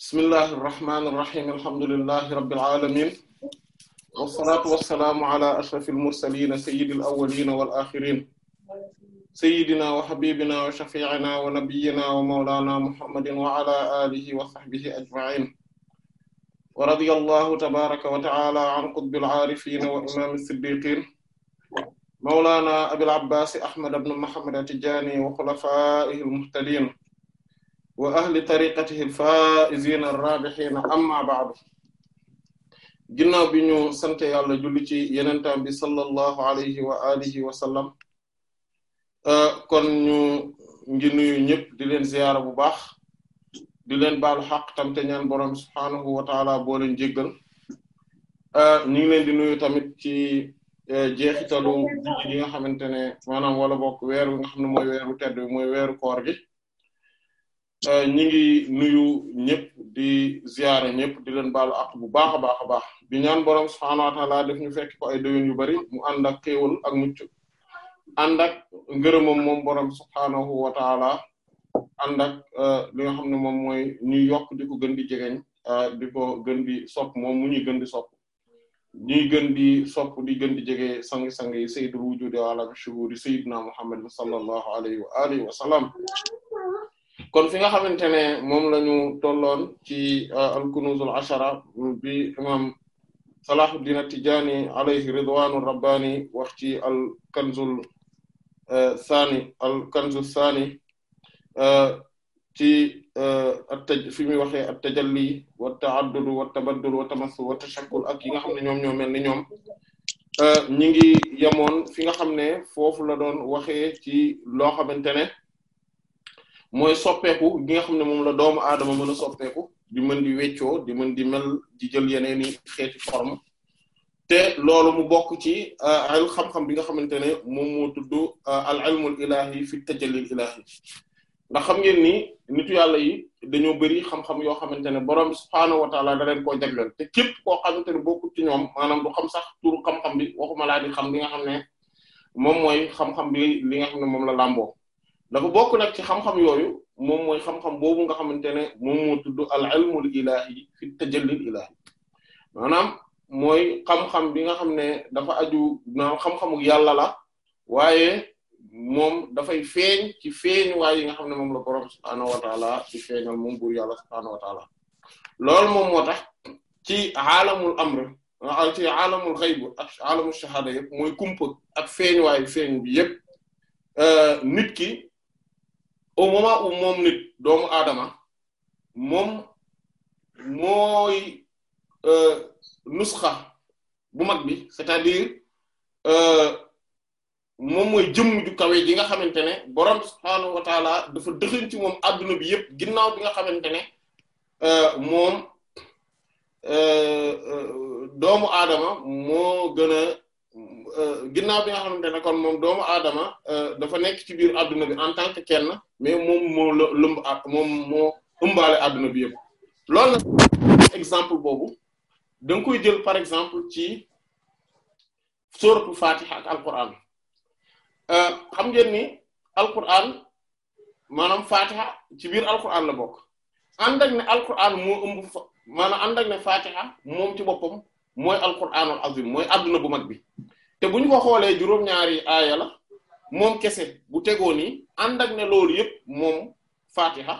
bismillahi irrahmani irrahim alhamdulilahi rabilalamin walsalaatu walsalaamu ala ashrafi almursalina sayidi alawalina walaxirin sayidina wa xabibina wa shafiina wa nabiyina wa maulana muhammadin wa ala alihi wa saxbihi ajmain wa radia allahu tabaraka wa taala an qutbi alaarifin wa imam siddiqin maulana abil abbasi ahmad ibn muhammad atijani wa xulafaihi almuhtadin wa ahli tariqatihi alfaa'izina arraabihiina amma ba'du ginnaaw bi ñu sante yàlla julli ci yenentaan bi sallallahu alayhi wa alihi wa sallam kon ñu ngi nuyu ñëpp di leen ziyaara bu baax di leen baalu xaq tam te ñaan boroom subhaanahu wa taala boo leen jéggal ñu ngi leen di nuyu tamit ci e, jeexitalu julli gi nga xamante ne maanaam wala bokk weeru wi nga xam ne mooy weeru tedd bi weeru koor gi Euh, ñi ngi nuyu ñëpp di ziyaare ñëpp di leen baalu àq bu baax a baax a baax di ñaan borom subhaanahu wa taala def ñu fekk ko ay déwén yu bari mu ànd ak ak mucc ànd ak ngërëmam moom borom subhaanahu wa taala ànd ak euh, li nga xam ne moom mooy ñuy yokk di ko gën di jegeñ euh, di ko gën di sopp moom mu ñuy gën di sopp ñuy gën di sopp di gën di jege sangi-sang yi sayyidul wujudi wa ala shuhudi sayyidina muhammad sallallahu alayhi wa alihi wa kon fi nga xamante ne moom la tolloon ci euh, al-kunuzul ashara bi imam Salahuddin At-Tijani alayhi ridwanu rabbani wax ci al-kanzul saani euh, al-kanzul saani euh, ci at-taj fi muy waxee at-tajalli wa ta'addud wa tabaddul wa tamassul wa ak yi nga xam ne ñoom ñoo mel ni ñoom ñi ngi yemoon fi nga xam ne foofu la doon waxee ci loo xamante ne mooy soppeeku gi nga xam ne moom la doomu aadama mën a soppeeku di mën di weccoo di mën di mel di jël yeneen i xeeti forme te loolu mu bokk ci al euh, xam-xam bi nga xamante ne moom moo tudd euh, al ilmul ilahi fi tajallil ilahi ndax xam ngeen ni nitu yàlla yi dañoo bëri xam-xam yoo xamante ne borom subhaanahu wa taala da leen koo jagleel te képp koo xamante ne bokkul ci ñoom maanaam du xam sax turu xam-xam bi waxuma xam li nga xam ne moom mooy xam-xam bi li nga xam ne moom la làmboo dafa bokk nag ci xam-xam yooyu moom mooy xam-xam boobu nga xamante ne moom moo tudd al ilmul ilahi fi tajallil ilahi maanaam mooy xam-xam bi nga xam ne dafa aju naam xam-xamu yàlla la waaye moom dafay feeñ ci feeñ waaye yi nga xam ne moom la borom subhaanahu wa taala di moom moo tax ci aalamul amr ah, ci aalamul xayb ak aalamul shahada yëpp mooy kumpa ak feeñ waayu feeñ bi yëpp euh, nit ki au moment où moom nit doomu aadama moom mooy euh, nusxa bu mag bi c'est-à-dire euh, moom mooy jëmm ju kawe ji nga xamante ne borom subhaanahu wa taala dafa dëxëñ ci moom adduna bi yëpp ginnaaw bi nga xamante ne euh, moom doomu aadama moo gën Euh, ginnaaw bi nga xamante ne kon moom doomu aadama euh, dafa nekk ci biir adduna bi en tant que kenn mais moom moo lëmb ak moom moo ëmbaale adduna bi yëpp loolu nag exemple boobu da nga koy jël par exemple ci sourate Fatiha ak Alquran euh, xam ngeen ni Alquran maanaam Fatiha ci biir Alquran la bokk ànd ak ne Alquran moo ëmb maanaam ànd ak ne Fatiha moom ci boppam mooy alquraanul azim mooy adduna bu mag bi te bu ñu ko xoolee juróom-ñaari aaya la moom kese bu tegoo nii ànd ak ne loolu yëpp moom fatiha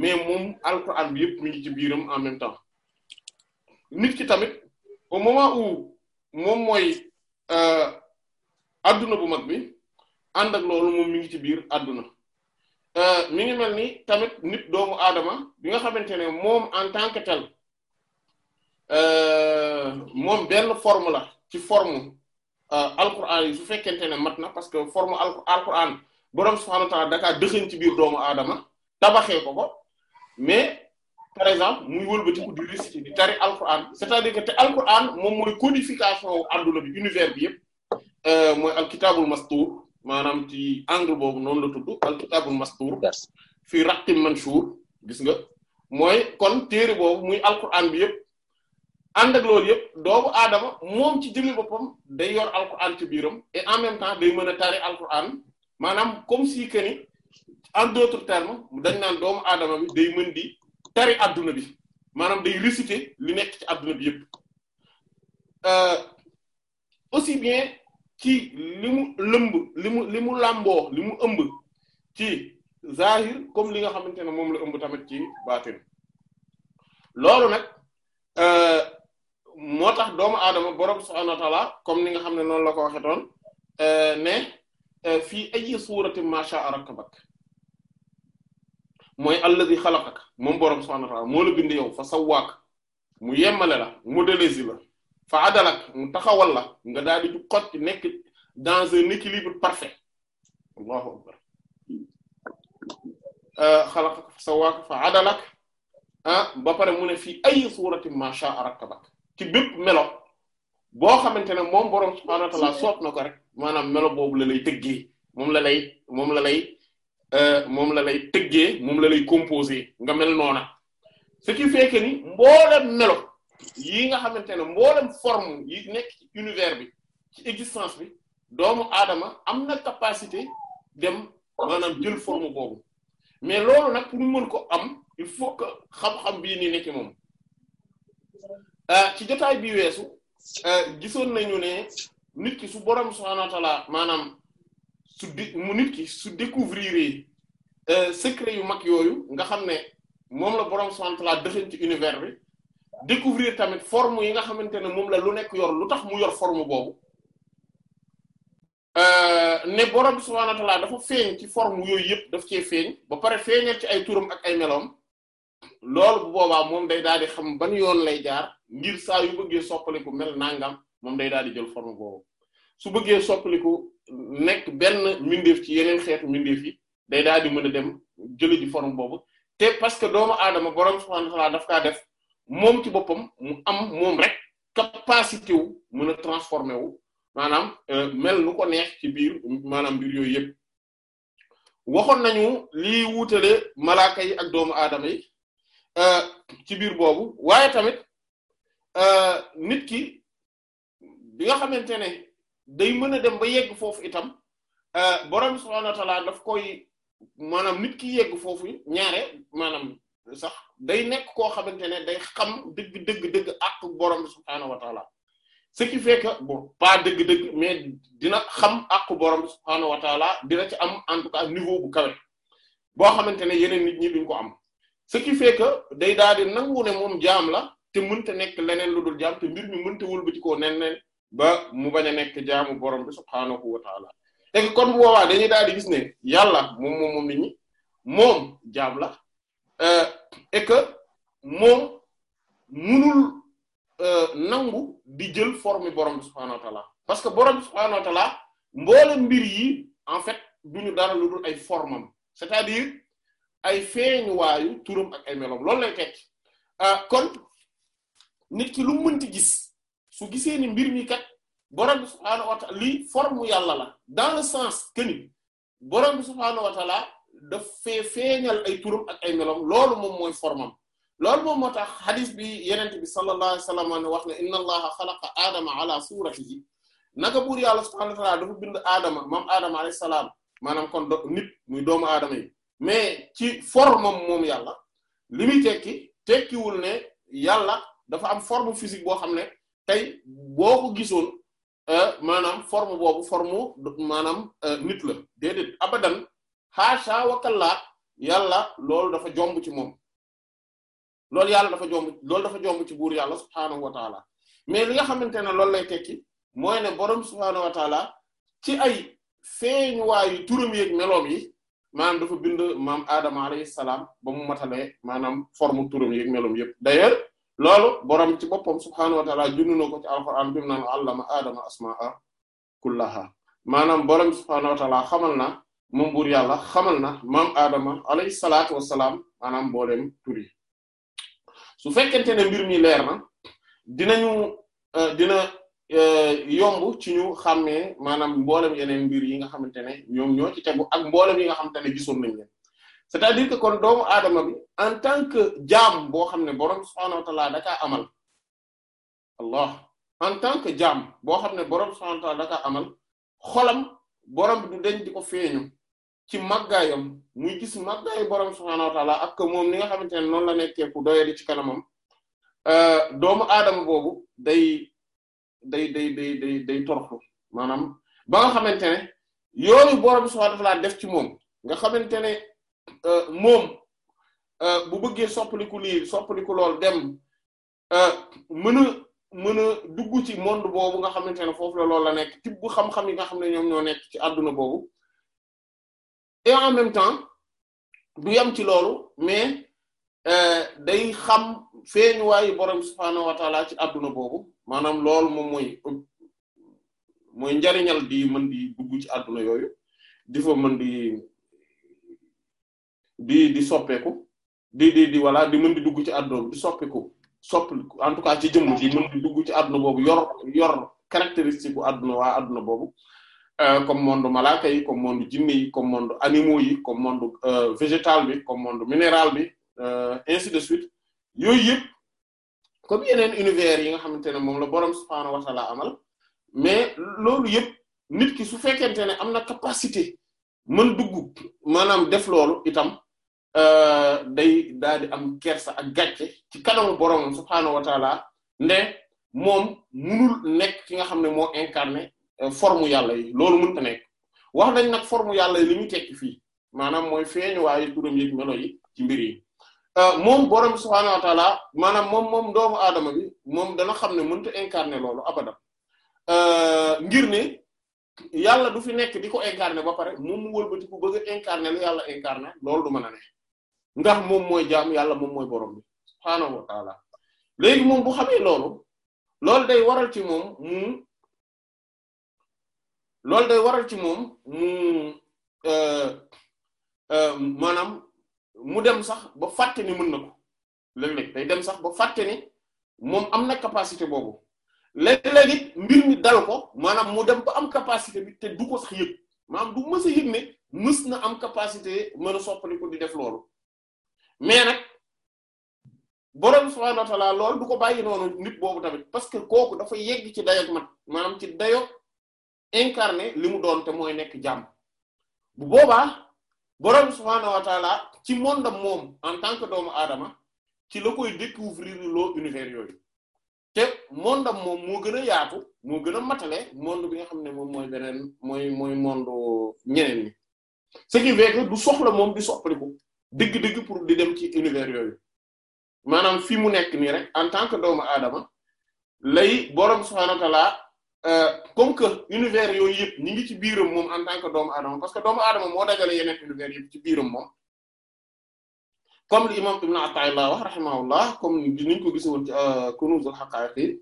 mais moom alquran bi yëpp mi ngi ci biiram en même temps nit ki tamit au moment moom mooy euh, adduna bu mag bi ànd ak loolu moom mi ngi ci biir adduna euh, mi ngi mel ni tamit nit doomu aadama bi nga xamante ne moom en tant que tel Euh, moom benn forme la ci forme euh, alquran yi su fekkente ne mat na parce que forme alquran borom subhaanahu wa ci biir doomu aadama tabaxee ko mais par exemple muy wëlbatiku di réciter di tari alquran c'est-à-dire que te alquran moom mooy codification wu àdduna bi univers bi yëpp euh, mooy alkitabul mastur maanaam ci angle boobu noonu la tudd alkitabul mastur fii raqim manshur gis nga mooy kon téere boobu muy alquran bi yëpp. ànd ak yëpp doomu aadama moom ci jëmi boppam day yor alquran ci biiram et en même temps day mën a tari alquran maanaam comme si que ni en d'autres termes dañ naan doomu aadama bi day mën di tari adduna bi maanaam day réciter li nekk ci adduna bi yëpp euh, aussi bien ci li mu lëmb li mu làmboo li mu ëmb ci zahir comme li nga xamante ne moom la ëmb tamit ci baatin loolu nag euh, moo tax doomu aadama borom subhaanahu wa taala comme ni nga xam ne noonu la ko waxee toon euh, ne euh, fii ayi suuratin maa shaa'a rakkabak mooy allazi xalaqaka moom borom subhaanahu wa taala moo la bind yow fa sawwaak mu yemmale la modélisi la fa adalak mu taxawal la nga daal di du xotti nekk dans un équilibre parfait allahu akbar euh, xalaqaka fa sawwaak adalak ah, ba pare mu ne fii ay suuratin maa shaa'a rakkabak ci bépp melo boo xamante ne moom boroom subhaanahu wa ta'aala na ko rek maanaam melo boobu la lay tëggee moom la lay moom la lay euh, moom la lay tëggee moom la lay composé nga mel noona ce qui fait que ni mboolem melo yi nga xamante ne mboolem forme yi nekk ci univers bi ci existence bi doomu aadama am na capacité dem maanaam jël forme boobu mais loolu nag pour mu mën ko am il faut que xam-xam bii nii nekk moom Euh, ci jotaay bii weesu euh, gisoon nañu ne nit ki su borom subhaanahu wa maanaam su di mu nit ki su découvrir euh, secret yu mag yooyu nga xam ne moom la borom subhaanahu wa ci univers bi découvrir tamit forme yi nga xamante ne moom la lu nekk yor lu tax mu yor forme boobu ne borom subhaanahu dafa feeñ ci form yooyu yëpp daf cee feeñ ba pare feeñal ci ay turam ak ay meloom. loolu bu boobaa moom day daal di xam ban yoon lay jaar ngir saa yu bëggee soppaliku mel nangam moom day daal di jël forme boobu su bëggee soppaliku nekk benn mindeef ci yeneen xeetu mindeef yi day daal di mën a dem jëli ji forme boobu te parce que doomu aadama borom subhaanahu wa ta'aala daf kaa def moom ci boppam mu am moom rek capacité wu mën a transformé wu maanaam euh, mel nu ko neex ci biir maanaam mbir yooyu yëpp waxoon nañu lii wuutale malaaka yi ak doomu aadama yi Euh, ci biir boobu waaye tamit euh, nit ki bi nga xamante ne day mën a dem ba yegg foofu itam euh, borom subhaanahu wa daf koy maanaam nit ki yegg foofu ñaare maanaam sax day nekk koo xamante ne day xam dëgg dëgg dëgg ak borom subhaanahu wa ta'aala ce qui fait que bon dëgg-dëgg mais dina xam akk borom subhaanahu wa dina ci am en tout cas niveau bu kawe boo xamante ne yeneen nit ñi duñ ko am. ce qui fait que day daal di nangu ne moom jaam la te mënta nekk leneen lu dul jaam te mbir mi mënta wul ba ci koo nen nen ba mu bañ a nekk jaamu borom bi subhaanahu wa taala kon bu boobaa dañuy daal di gis ne yàlla moom moom moom nit ñi moom jaam la euh, et que moom munul euh, nangu di jël forme borom bi subhaanahu wa parce que borom bi subhaanahu wa mboole mbir yi en fait duñu dara lu dul ay formam c'est-à-dire ay feeñuwaayu turam ak ay meloom loolu lay tekki ah, kon nit ki lu mënti gis su gisee ni mbir mi kat borom bi subhaanahu wa taala lii yàlla la dans le sens que ni borom bi subhaanahu wa taala daf fee feeñal ay turam ak ay meloom loolu moom mooy formam loolu moom moo tax xadis bi yenent bi sallallahu alayhi wa sallam wax ne inna allaha xalaqa aadama ala suratihi naka buur yàlla subhaanahu wa taala dafa bind aadama moom aadama alayhi salaam maanaam kon nit muy doomu aadama yi mais ci forme moom yàlla li muy tekki tekkiwul ne yàlla dafa am forme physique boo xam ne tey boo ko gisoon euh, maanaam forme boobu forme maanaam euh, nit la déedéet abadan xaasha wakallaa yàlla lool dafa jomb ci moom loolu yàlla dafa jomb loolu dafa jomb ci buur yàlla subhaanahu wa mais li nga xamante ne loolu lay tekki mooy ne boroom subhaanahu wa ci ay feeñuwaayu turam yeeg meloom yi maanaam dafa bind maam Adama alayhi salaam ba mu matalee maanaam forme turam yeeg meloom yëpp d'ailleurs loolu borom ci boppam subhaanahu wa ta'ala junnu na ko ci alquran bi mu naan allama Adama asmaa kullaha maanaam borom subhaanahu wa ta'ala xamal na moom buur yàlla xamal na maam Adama alayhi salaatu wa salaam maanaam booleem tur yi su fekkente ne mbir mi leer na euh, dina. Euh, yomb ci ñu xàmmee maanaam mboolem yeneen mbir yi nga xamante ne ñoom ñoo ci tegu ak mboolem yi nga xamante ne gisoon nañ leen c'est-à-dire que kon doomu aadama bi en tant que jaam boo xam ne boroom subhaanahu wa ta'aala dakaa amal allah en tant que jaam boo xam ne boroom subhaanahu wa ta'aala dakaa amal xolam boroom bi du deñ di ci màggaayam muy gis màggaayu boroom borom wa ta'aala ak moom ni nga xamante ne noonu la nekkee ku doyadi ci kanamam euh, doomu aadama boobu day day day day day day toroxlu maanaam ba nga xamante ne yooyu borom subhaanahu wa ta'aala def ci moom nga xamante ne euh, moom euh, bu bëggee soppaliku lii soppaliku lool dem euh, mën a mën a dugg ci monde boobu nga xamante ne foofu la loolu la nekk type bu xam-xam yi nga xam ne ñoom ñoo nekk ci àdduna boobu et en même temps du yam ci loolu mais day xam feeñuwaayu borom subhaanahu wa ta'aala ci àdduna boobu. maanaam loolu moom mooy mooy njariñal di mën di dugg ci àdduna yooyu di fa mën di di di soppeeku di di di wala di mën di dugg ci àdduna bi soppeeku sopp en tout cas ci jëmm di mën dugg ci àdduna boobu yor yor caractéristique bu àdduna waa àdduna boobu euh, comme monde malaaka yi comme monde jinne yi comme monde animaux yi comme monde euh, végétal bi comme monde minéral bi euh, ainsi de suite yooyu yëpp comme yeneen univers yi nga xamante ne moom la borom subhaanahu wa amal mais loolu yëpp nit ki su fekkente ne am na capacité mën dugg maanaam def loolu itam euh, day daal am kersa ak gàcce ci kanamu borom subhaanahu wa nde moom munul nekk ki nga xam ne moo incarné euh, forme yàlla yi loolu mënta nekk wax nañ nag forme yàlla yi li muy tekki fii maanaam mooy feeñu waaye turam yëg melo yi ci mbir yi Euh, moom borom subhaanahu wa taala maanaam moom moom doomu aadama bi moom dana xam ne mënut a incarner loolu abadam euh, ngir ne yàlla du fi nekk di ko incarner ba pare moom mu wëlbati ku bëgg a incarner la yàlla incarner loolu du mën a ne ndax moom mooy jaam yàlla moom moy borom bi subhaanahu wa taala léegi moom bu xamee loolu loolu day waral ci moom mu loolu day waral ci moom mu euh, maanaam. mu dem sax ba fàtte ni mën na ko léeg-léeg day dem sax ba fàtte ni moom am na capacité boobu lekk léeg it mbir mi dal ko maanaam mu dem ba am capacité bi te du ko sax yëg maanaam du mës a yëg ne mës na am capacité mën a soppali ko di def loolu mais nag borom subhaanahu wa ta'aala lool du ko bàyyi noonu nit boobu tamit parce que kooku dafa yegg ci dayoog mat maanaam ci dayoog incarné li mu doon te mooy nekk jàmm boobaa. boroom subhaanahu wa taala ci monde moom en tant que doomu aadama ci la koy découvrir loo univers yooyu te monde moom moo gën a yaatu moo gën a matale monde bi nga xam ne moom mooy beneen mooy mooy monde ñeneen ñi ce qui du soxla moom di soppaliku dëgg-dëgg pour di dem ci univers yooyu maanaam fi mu nekk nii rek en tant que doomu aadama lay boroom subhaanahu wa taala Euh, comme que univers yooyu yëpp ñi ngi ci biiram moom en tant que doom aadama parce que doomu aadama moo dajale yeneen univers yëpp ci biiram moom comme li imam Ibn Ata'illah wax rahimahullah comme niñ ko gis woon ci euh, Kunuzul Haqa'iq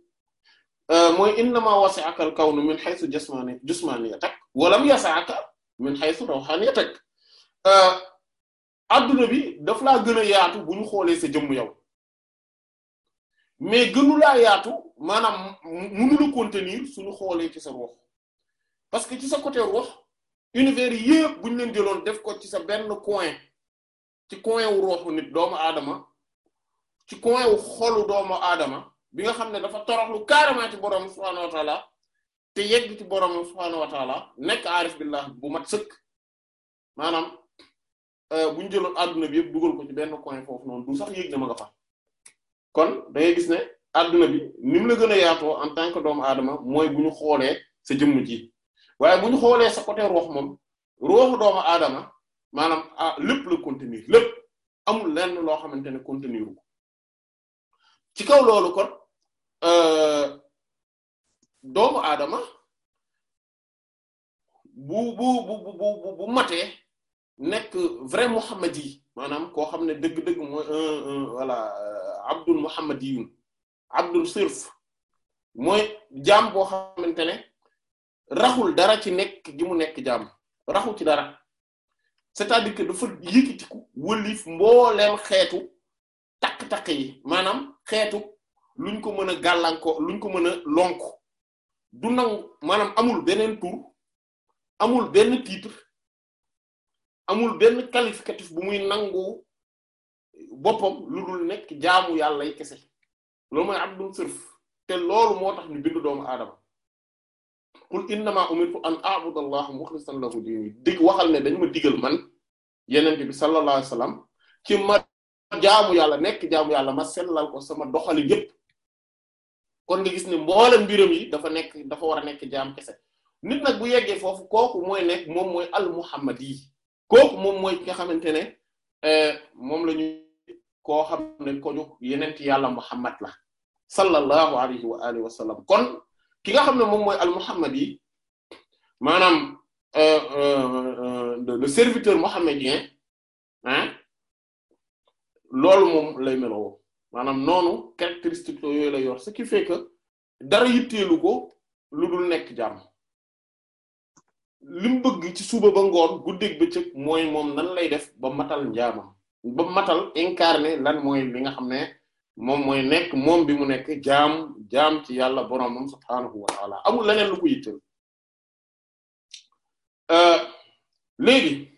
euh, mooy innama wasi'aka al-kawnu min haythu jismani jismaniyatak wa lam yas'aka min haythu ruhaniyatak adduna bi daf laa gën a yaatu bu ñu xoolee sa jëmm yow mais gënu laa yaatu maanaam mënula contenir suñu xoolee ci sa ruux parce que ci sa côté ruux univers yi yëpp bu ñu leen jëloon def ko ci sa benn coin ci coin wu ruuxu nit doomu aadama ci coin wu xoolu doomu aadama bi nga xam ne dafa toroxlu carrément ci borom subhaanahu wa te yegg ci borom subhaanahu wa taala nekk aarif billah bu mat sëkk maanaam euh, bu ñu jëloon adduna bi yëpp dugal ko ci benn coin foofu noonu du sax yéeg dama nga fa kon da ngay adduna bi ni la gën a yaatoo en tant que doomu aadama mooy bu ñu xoolee sa jëmm ji waaye bu ñu xoolee sa côté roox moom rooxu doomu aadama maanaam ah lépp la contenir lépp amul lenn loo xamante ne contenir ko ci kaw loolu kon euh, doomu aadama bu bu bu bu bu matee nekk vrai muhammadi maanaam koo xam ne dëgg-dëgg mooy un un voilà euh, abdul muhammadiyun abdul sirf mooy jaam boo xamante ne raxul dara ci nekk gi mu nekk jaam raxul ci dara c'est-à-dire que dafa yëkkatiku wëlif mbooleem xeetu takk-takk yi maanaam xeetu luñ ko mën a gàllankoor luñ ko mën a lonk du nangu maanaam amul beneen tur amul benn titre amul benn qualificatif bu muy nangu boppam lu dul nekk jaamu yàlla yi kese loolu mooy abdun te loolu moo tax ñu bindu doomu aadama qul innama umirtu an a'budu allaha mukhlishan lahu diini dig waxal ne dañ ma digal man yeneen bi sallallahu salaam wasallam ci ma jaamu yàlla nekk jaamu yàlla ma sellal ko sama doxali yépp kon nga gis ne mboolem mbiram yi dafa nekk dafa war a nekk jaam kese nit nag bu yege foofu kooku mooy nekk moom mooy al muhammad yi kooku moom mooy ki nga xamante ne eh, moom la ñu koo xam ne ko jóg yeneen yàlla muhammad la sallallahu alayhi wa alihi wa sallam kon ki nga xam ne moom mooy al muhammad euh, euh, euh, le serviteur mohammédien hein loolu moom lay meloo maanaam noonu caractéristiques yooyu la yor ce qui fait que dara yitteelu ko lu dul nekk jàmm li bëgg ci suba ba ngoon guddeeg bëccëg mooy moom nan lay def ba matal njaamam ba matal incarné lan mooy li nga xam ne moom mooy nekk moom bi mu nekk jaam jaam ci yàlla boroomam subhaanahu wa taala amul leneen lu ko yitteel euh, léegi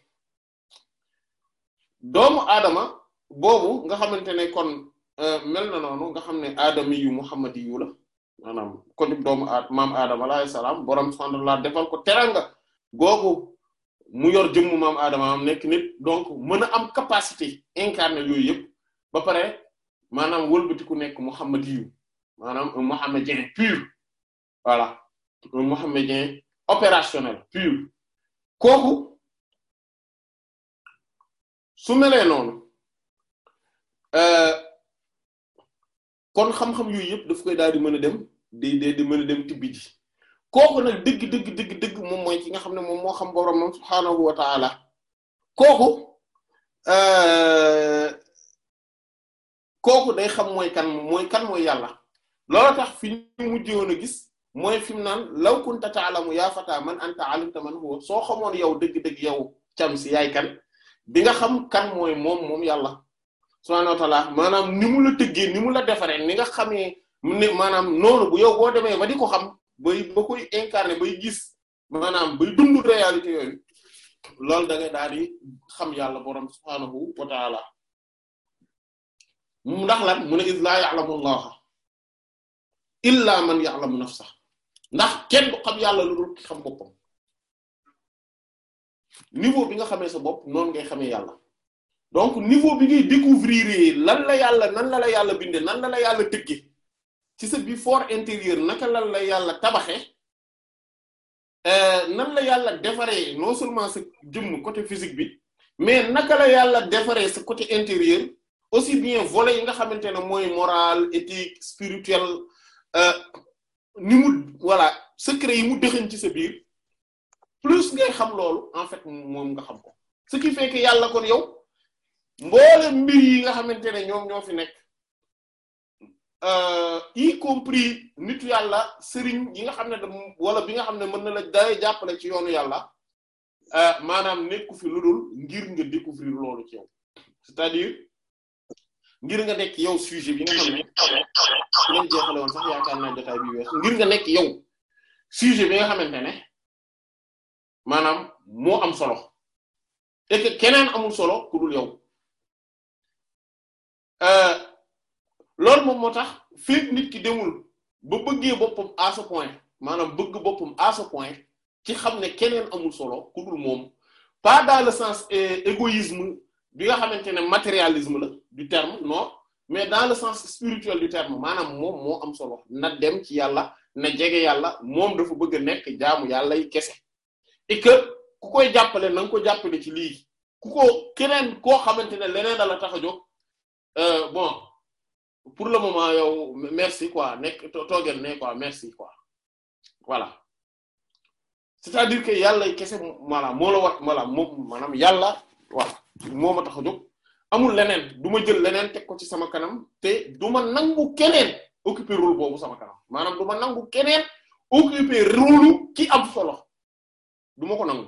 doomu aadama boobu nga xamante ne kon euh, mel na noonu nga xam ne aadami yu muhammadi yu la maanaam ko dib doomu aad maam aadama alayhi salaam boroom subhaanahu wa taala defal ko teranga googu mu yor jëmmu maam aadama am nekk nit donc mën a am capacité incarner yooyu yëpp ba pare maanaam wëlbatiku nekk muhammadiyu maanaam un mohammédien pur voilà un mohammédien opérationnel pur kooku su melee noonu euh, kon xam-xam yooyu yëpp daf koy daal di mën a dem di di di mën a dem tibbi ji kooku nag dëgg dëgg dëgg dëgg moom mooy ki nga xam ne moom moo xam boroom moom subhaanahu wa taala kooku euh, kooku day xam mooy kan mooy kan mooy yàlla loolu tax fi ñu mujjewoon a gis mooy fi mu naan law kunta ta'lamu yaa fataa man anta alimta man huwa soo xamoon yow dëgg-dëgg yow cam yaay kan bi nga xam kan mooy moom moom yàlla subhaanahu wa ta'aala maanaam ni mu la tëggee ni mu la defaree ni nga xamee ne maanaam noonu bu yow boo demee ba di ko xam boy ba koy incarné bay gis maanaam bay dund réalité yooyu loolu da nga daal xam yàlla borom subhaanahu wa ta'aala ndax lan mu ne is laa ya'lamu allaha illa man ya'lamu sax ndax kenn xam yàlla lu dul ki xam boppam niveau bi nga xamee sa bopp noonu ngay xamee yàlla donc niveau bi ngay découvrir lan la yàlla nan la la yàlla bindee nan la la yàlla tëggee ci sa bi fort intérieur naka lan la yàlla tabaxee euh, nan la yàlla defaree non seulement sa jëmm côté physique bi mais naka la yàlla defaree sa côté intérieur aussi bien volets yi nga xamante ne mooy moral éthique spirituel euh, ni mu voilà secret yi mu dëxëñ ci sa biir plus ngay xam loolu en fait moom nga xam ko ce qui fait yàlla kon yow mboole mbir yi nga xamante ne ñoom ñoo fi nekk euh, y compris nit yàlla sëriñ yi nga xam ne da wala bi nga xam ne mën na la yi jàpp jàppale ci yoonu yàlla euh, maanaam nekku fi lu dul ngir nga découvrir loolu ci yow c'est-à-dire ngir nga nekk yow sujet bi nga xam ne leen jeexale woon sax yaakaar naa jotaay bi wees ngir nekk yow sujet bi nga xamante ne maanaam moo am solo et keneen amul solo ku dul yow euh, loolu moom moo tax fi nit ki demul ba bëggee boppam à ce point maanaam bëgg boppum à ce point ci xam ne keneen amul solo ku dul moom pas dans le sens euh, égoïsme bi nga xamante ne matérialisme la du terme non mais dans le sens spirituel du terme maanaam moom moo am solo na dem ci yàlla na jege yàlla moom dafa bëgg a nekk jaamu yàlla yi kese et que ku koy jàppale na ko jàppale ci lii ku ko keneen koo xamante ne leneen da la tax a jóg euh, bon pour le moment yow merci quoi nekk toogeel ne quoi merci quoi voilà c'est-à-dire que yàlla kese voilà moo la wat voilà moom maanaam yàlla voilà moo ma tax amul leneen du ma jël leneen teg ko ci sama kanam te du ma nangu keneen occuper rôle boobu sama kanam maanaam du ma nangu keneen occuper rôle ki am solo duma ko nangu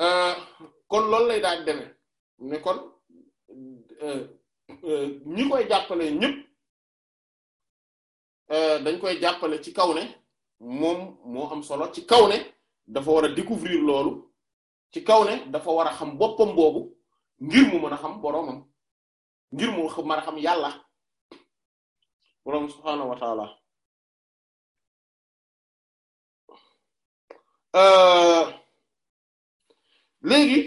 euh, kon loolu lay daal demee ne kon euh, euh, ñi koy jàppale ñëpp dañ koy jàppale ci kaw ne moom moo am solo ci kaw ne dafa war a découvrir loolu ci kaw ne dafa war a xam boppam boobu ngir mu mën a xam boroomam ngir mu a xam yàlla boroom subhaanahu wa taala euh, léegi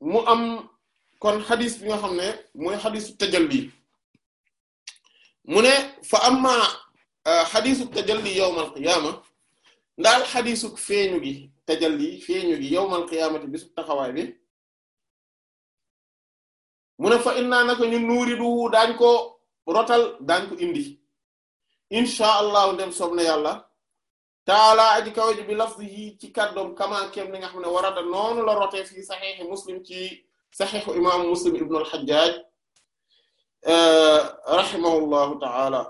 mu am kon xadis bi nga xam ne mooy xadisu tajalli mu ne fa amma euh, xadisu tajalli yawmal qiyaama ndal xadisu feeñu gi tajalli feeñu gi yawmal qiyaamati bisu taxawaay bi mu ne fa innaa naka ñu nuuri du daañ ko rotal daañ ko indi insha allahu dem soob na yàlla taala aji kawaji bi lafzihi ci kaddoom kama kem li nga xam ne warada noonu la rotee fii saxiixi muslim ci saxiixu imaamu muslim ibnu al-Hajjaj eh, rahimahullahu taala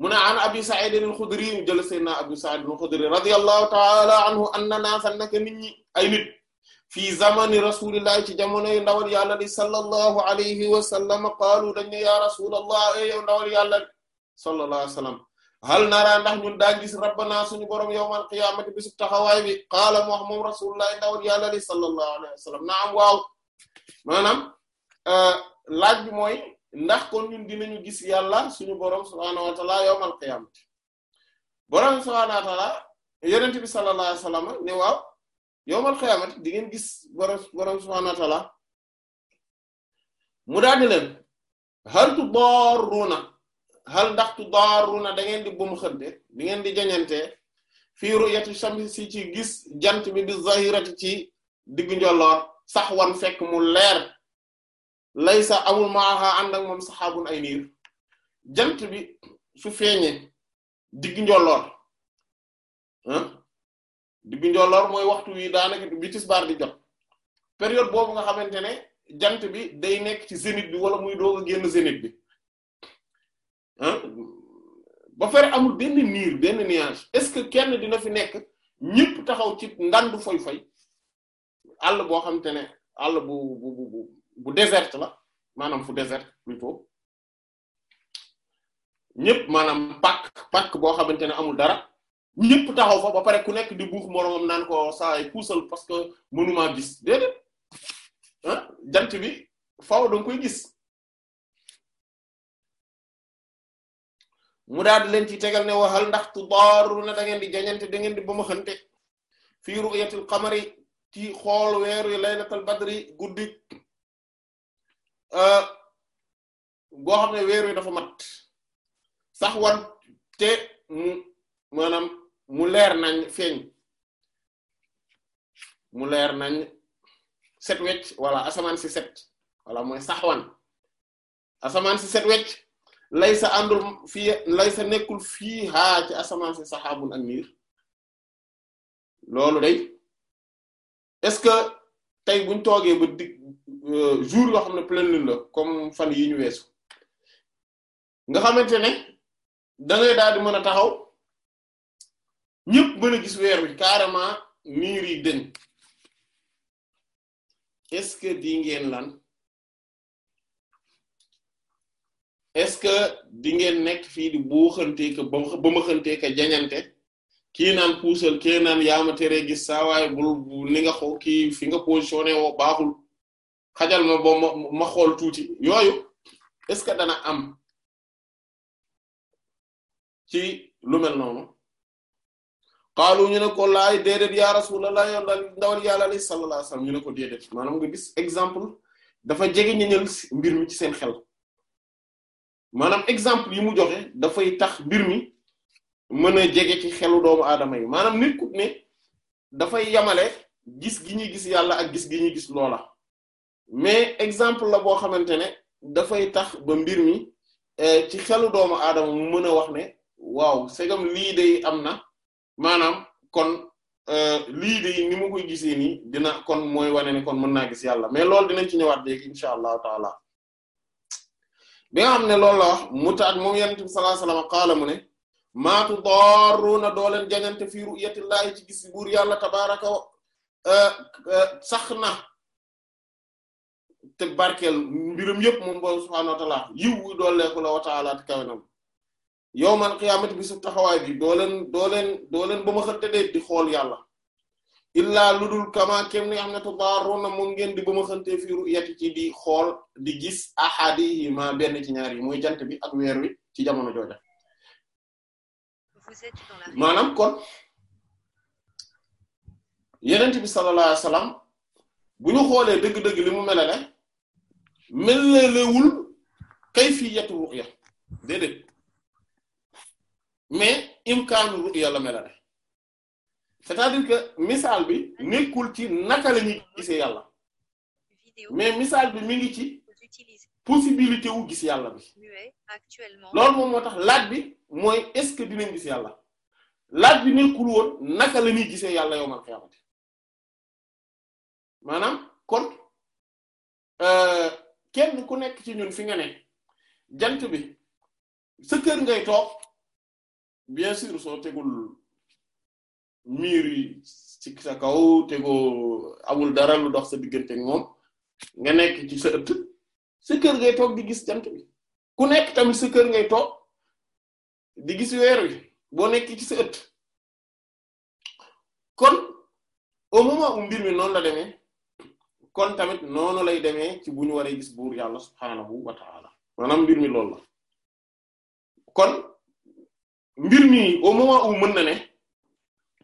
mu an abi sa'id al-Khudri jël taala anna naasan naka nit ñi ay nit fii zamani rasulillahi ci jamono yu ndawal yàlla li sallallahu alayhi wa sallam qaalu dañ ne yaa rasulallah e yow ndawal yàlla li sallallahu alayhi wa sallam hal nara ndax ñun daañ gis rabbana suñu boroom yawmal qiyaamati bisub taxawaay bi qaala mu wax moom rasulullahi ndawal yàlla li sallallahu alayhi wa sallam na am waaw maanaam eh, laaj bi mooy ndax kon ñun dinañu gis yàlla suñu boroom subhaanahu wa taala yawmal qiyaamati boroom subhaanahu wa taala yonent bi sallallahu wa sallam ne waaw yowmal xiyaamati di ngeen gis borom borom subhaanahu mu daal di leen hal tudaaruuna hal ndax tudaaruuna da ngeen di bumu xëdde di ngeen di jañante fii ru'yati shamsi si ci gis jant bi bi zahirati ci diggu njolloor sax wan fekk mu leer laysa amul maaha ànd ak moom saxaabun ay niir jant bi su feeñee diggu njolloor ah diggu njolloor mooy waxtu wi daanaka bi tisbaar di jot période boobu nga xamante ne jant bi day nekk ci zénith bi wala muy doog a génn zénith bi ba fere amul benn niir benn nuage est-ce que kenn dina fi nekk ñëpp taxaw ci ndandu foy-foy àll boo xamante ne àll bu bu bu bu la maanaam fu désert plutôt ñëpp maanaam pàkk pàkk boo xamante ne amul dara ñëpp taxaw fa ba pare ku nekk di buux moroomam naan ko saa yi parce que mënuma gis déedéet ah jant bi faaw danga koy gis mu daal di leen ci tegal ne waxal ndax tudaaru na da ngeen di jañante da ngeen di ba ma xante fii ru'yatil qamari ci xool weer wi laylatul badri guddi euh, goo xam ne weer wi dafa mat sax wan mu maanaam mu leer nañ feeñ mu leer nañ set wecc wala asamaan si set wala mooy saxwan asamaan si set wecc lay sa àndul fii lay sa nekkul fii haa ci asamaan si saxaabun ak niir loolu day est-ce que tey buñ toogee ba dig euh, jour yoo xam ne pleine lune la fan yi ñu weesu nga xamante ne da ngay daal di mën a taxaw ñëpp mën a gis weer wi carrément niir yi dëñ est-ce di ngeen lan est di ngeen nekk fii di buuxantee ka ba ma ka jañante kii naan puusal kii naan yaama teree gis saa waaye bul ni nga xoo kii fi nga positionné woo baaxul xajal ma ba ma xool tuuti yooyu est-ce que dana am ci lu mel noonu xaalu ñu ne ko laay déedéet yaa rasulallah la daal ndawal yàlla alayhi sallallahu alayhi wasallam ñu ne ko déedéet maanaam nga gis exemple dafa jege ñañal mbir mi ci seen xel maanaam exemple yi mu joxe dafay tax mbir mi mën a jege ci xelu doomu aadama yi maanaam nit ku ne dafay yamale gis gi ñuy gis yàlla ak gis gi ñuy gis loola mais exemple la boo xamante ne dafay tax ba mbir mi eh, ci xelu doomu aadama mu mën a wax ne waaw segam lii de am na maanaam kon euh, lii de ni ma koy gisee nii dina kon mooy wane kon mën naa gis yàlla mais loolu dinañ ci ñëwaat léegi incha allahu taala bi nga xam ne loolu la wax mu taat moom yenent bi sallallahu mu ne maatu dooruna doo leen jañante fii ru'yatillahi ci gis buur yàlla tabaraka euh, euh, sax na te barkeel mbirum yëpp moom boobu subhaanahu wa taala yiw wu dooleeku la wa te kawenam yowmal qiyaamati bi su taxawaay bi doo leen doo leen doo leen ba ma xëntadee di xool yàlla illaa lu dul kama kem ni am ne tudaaruna moom ngeen di ba ma xëntee fi ru'yati ci di xool di gis ahadihima benn ci ñaar yi mooy jant bi ak weer wi ci jamono jooja maanaam kon yenent bi sallallahu alayhi wasallam bu ñu xoolee dëgg-dëgg li mu melale mel leewul kayfiyatu ru'ya déedéet mais imkaanu ru'ya la melale c'est-à-dire que misaal bi nekkul ci naka la ñuy gisee yàlla mais misaal bi mi ngi ci possibilité wu gis yàlla bi loolu moom moo tax laaj bi mooy est-ce que dinañ gis yàlla laaj bi nekkul woon naka lañuy gisee yàlla yow man xiyaamati maanaam kon euh, kenn ku nekk ci ñun fi nga ne jant bi sa kër ngay toog bien sûr soo tegul miir yi ci sa kaw tegoo amul dara lu dox sa diggante moom nga nekk ci sa ëtt sa kër ngay toog di gis jant bi ku nekk tamit sa kër ngay toog di gis weer wi boo nekk ci sa ëtt kon au moment mbir mi noon la demee kon tamit noonu lay demee ci bu ñu waree gis buur yàlla subhaanahu wa ta'ala maanaam mbir mi loolu la kon mbir mi au moment mën na ne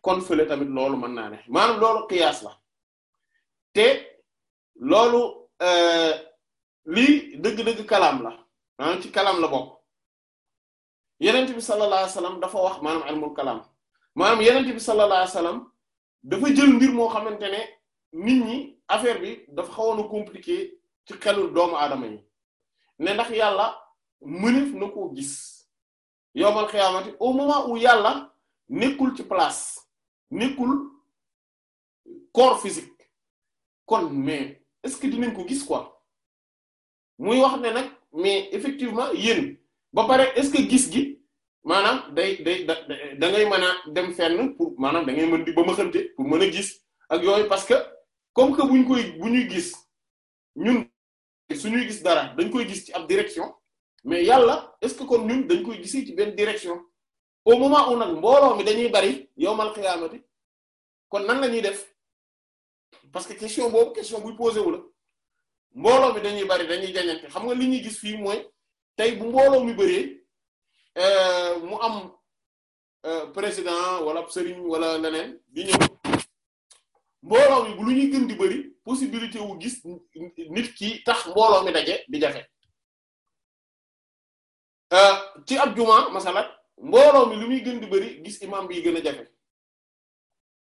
kon fële tamit loolu mën naa ne maanaam loolu qiyaas la te loolu euh, lii dëgg-dëgg kalaam la maanaam ah, ci kalam la bokk yenent bi sallallahu alayhi dafa wax maanaam ilmul kalaam maanaam yenent bi sallallahu alayhi dafa jël mbir moo xamante ne nit ñi affaire bi dafa xawoon a compliqué ci xelu doomu aadama yi ne ndax yàlla mënef na koo gis yowmal xiyaamati au moment où yàlla nekkul ci place nekkul corps kon mais est-ce que dinañ ko gis quoi muy wax ne nag mais effectivement yéen ba pare est-ce que gis gi maanaam day day da da ngay mën a dem fenn pour maanaam da ngay mën di ba ma xamte pour mën a gis ak yooyu parce que comme que buñ koy bu ñuy gis ñun suñuy gis dara dañ koy gis ci ab direction mais yàlla est-ce que kon ñun dañ koy gisee ci benn direction au moment où nag mbooloo mi dañuy bari yowmal xiyaamati kon nan la ñuy def parce que question boobu question buy posé wu la mbooloo mi dañuy bari dañuy jañante xam nga li ñuy gis fii mooy tey bu mbooloo mi bëree euh, mu am euh, président wala sëriñ wala leneen di ñëw mbooloo mi bu lu ñuy gën di bari possibilité wu gis nit ki tax mbooloo mi daje di jafe Euh, ci ab juma masalan mbooloo mi lu muy gën di bëri gis imam bi gën a jafe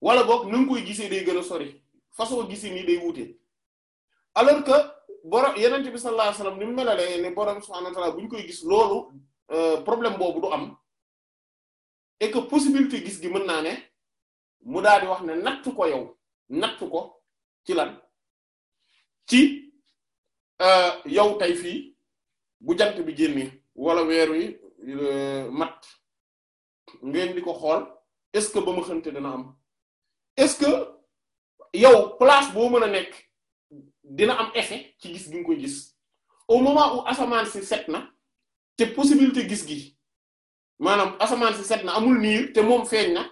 wala book na koy gisee day gën a sori façon gisee nii day wuute alors que borom yeneen bi sallallahu alayhi wasallam ni mu melalee ne borom subhanahu wa ta'ala bu ñu koy gis loolu euh, problème boobu du am et que possibilité gis gi mën naa ne mu daal wax ne nattu ko yow nattu ko ci lan ci euh, yow tay fii bu jant bi mi wala weer wi euh, mat ngeen di ko xool est-ce que ba ma xënte dina am est-ce que yow place boo mën a nekk dina am effet ci gis gi nga koy gis au moment où asamaan si set na te possibilité gis gi maanaam asamaan si set na amul niir te moom feeñ na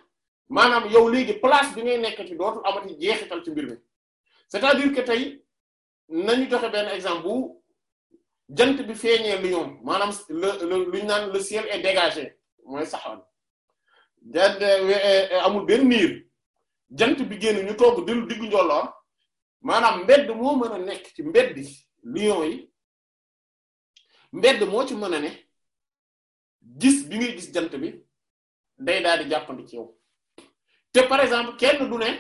maanaam yow léegi place bi ngay nekk ci dootul amati jeexital ci mbir mi c'est-à-dire que tey nañu joxe benn exemple bu jant bi feeñee lu ñoom maanaam le naan le ciel et dégagé mooy saxoon jant eh, eh, amul benn niir jant bi génn ñu toog dellu diggu njolloor maanaam mbedd moo mën a nekk ci mbedd Lyon yi mbedd moo ci mën a ne gis bi ngay gis jant bi day daal di jàppandi ci yow te par exemple kenn du ne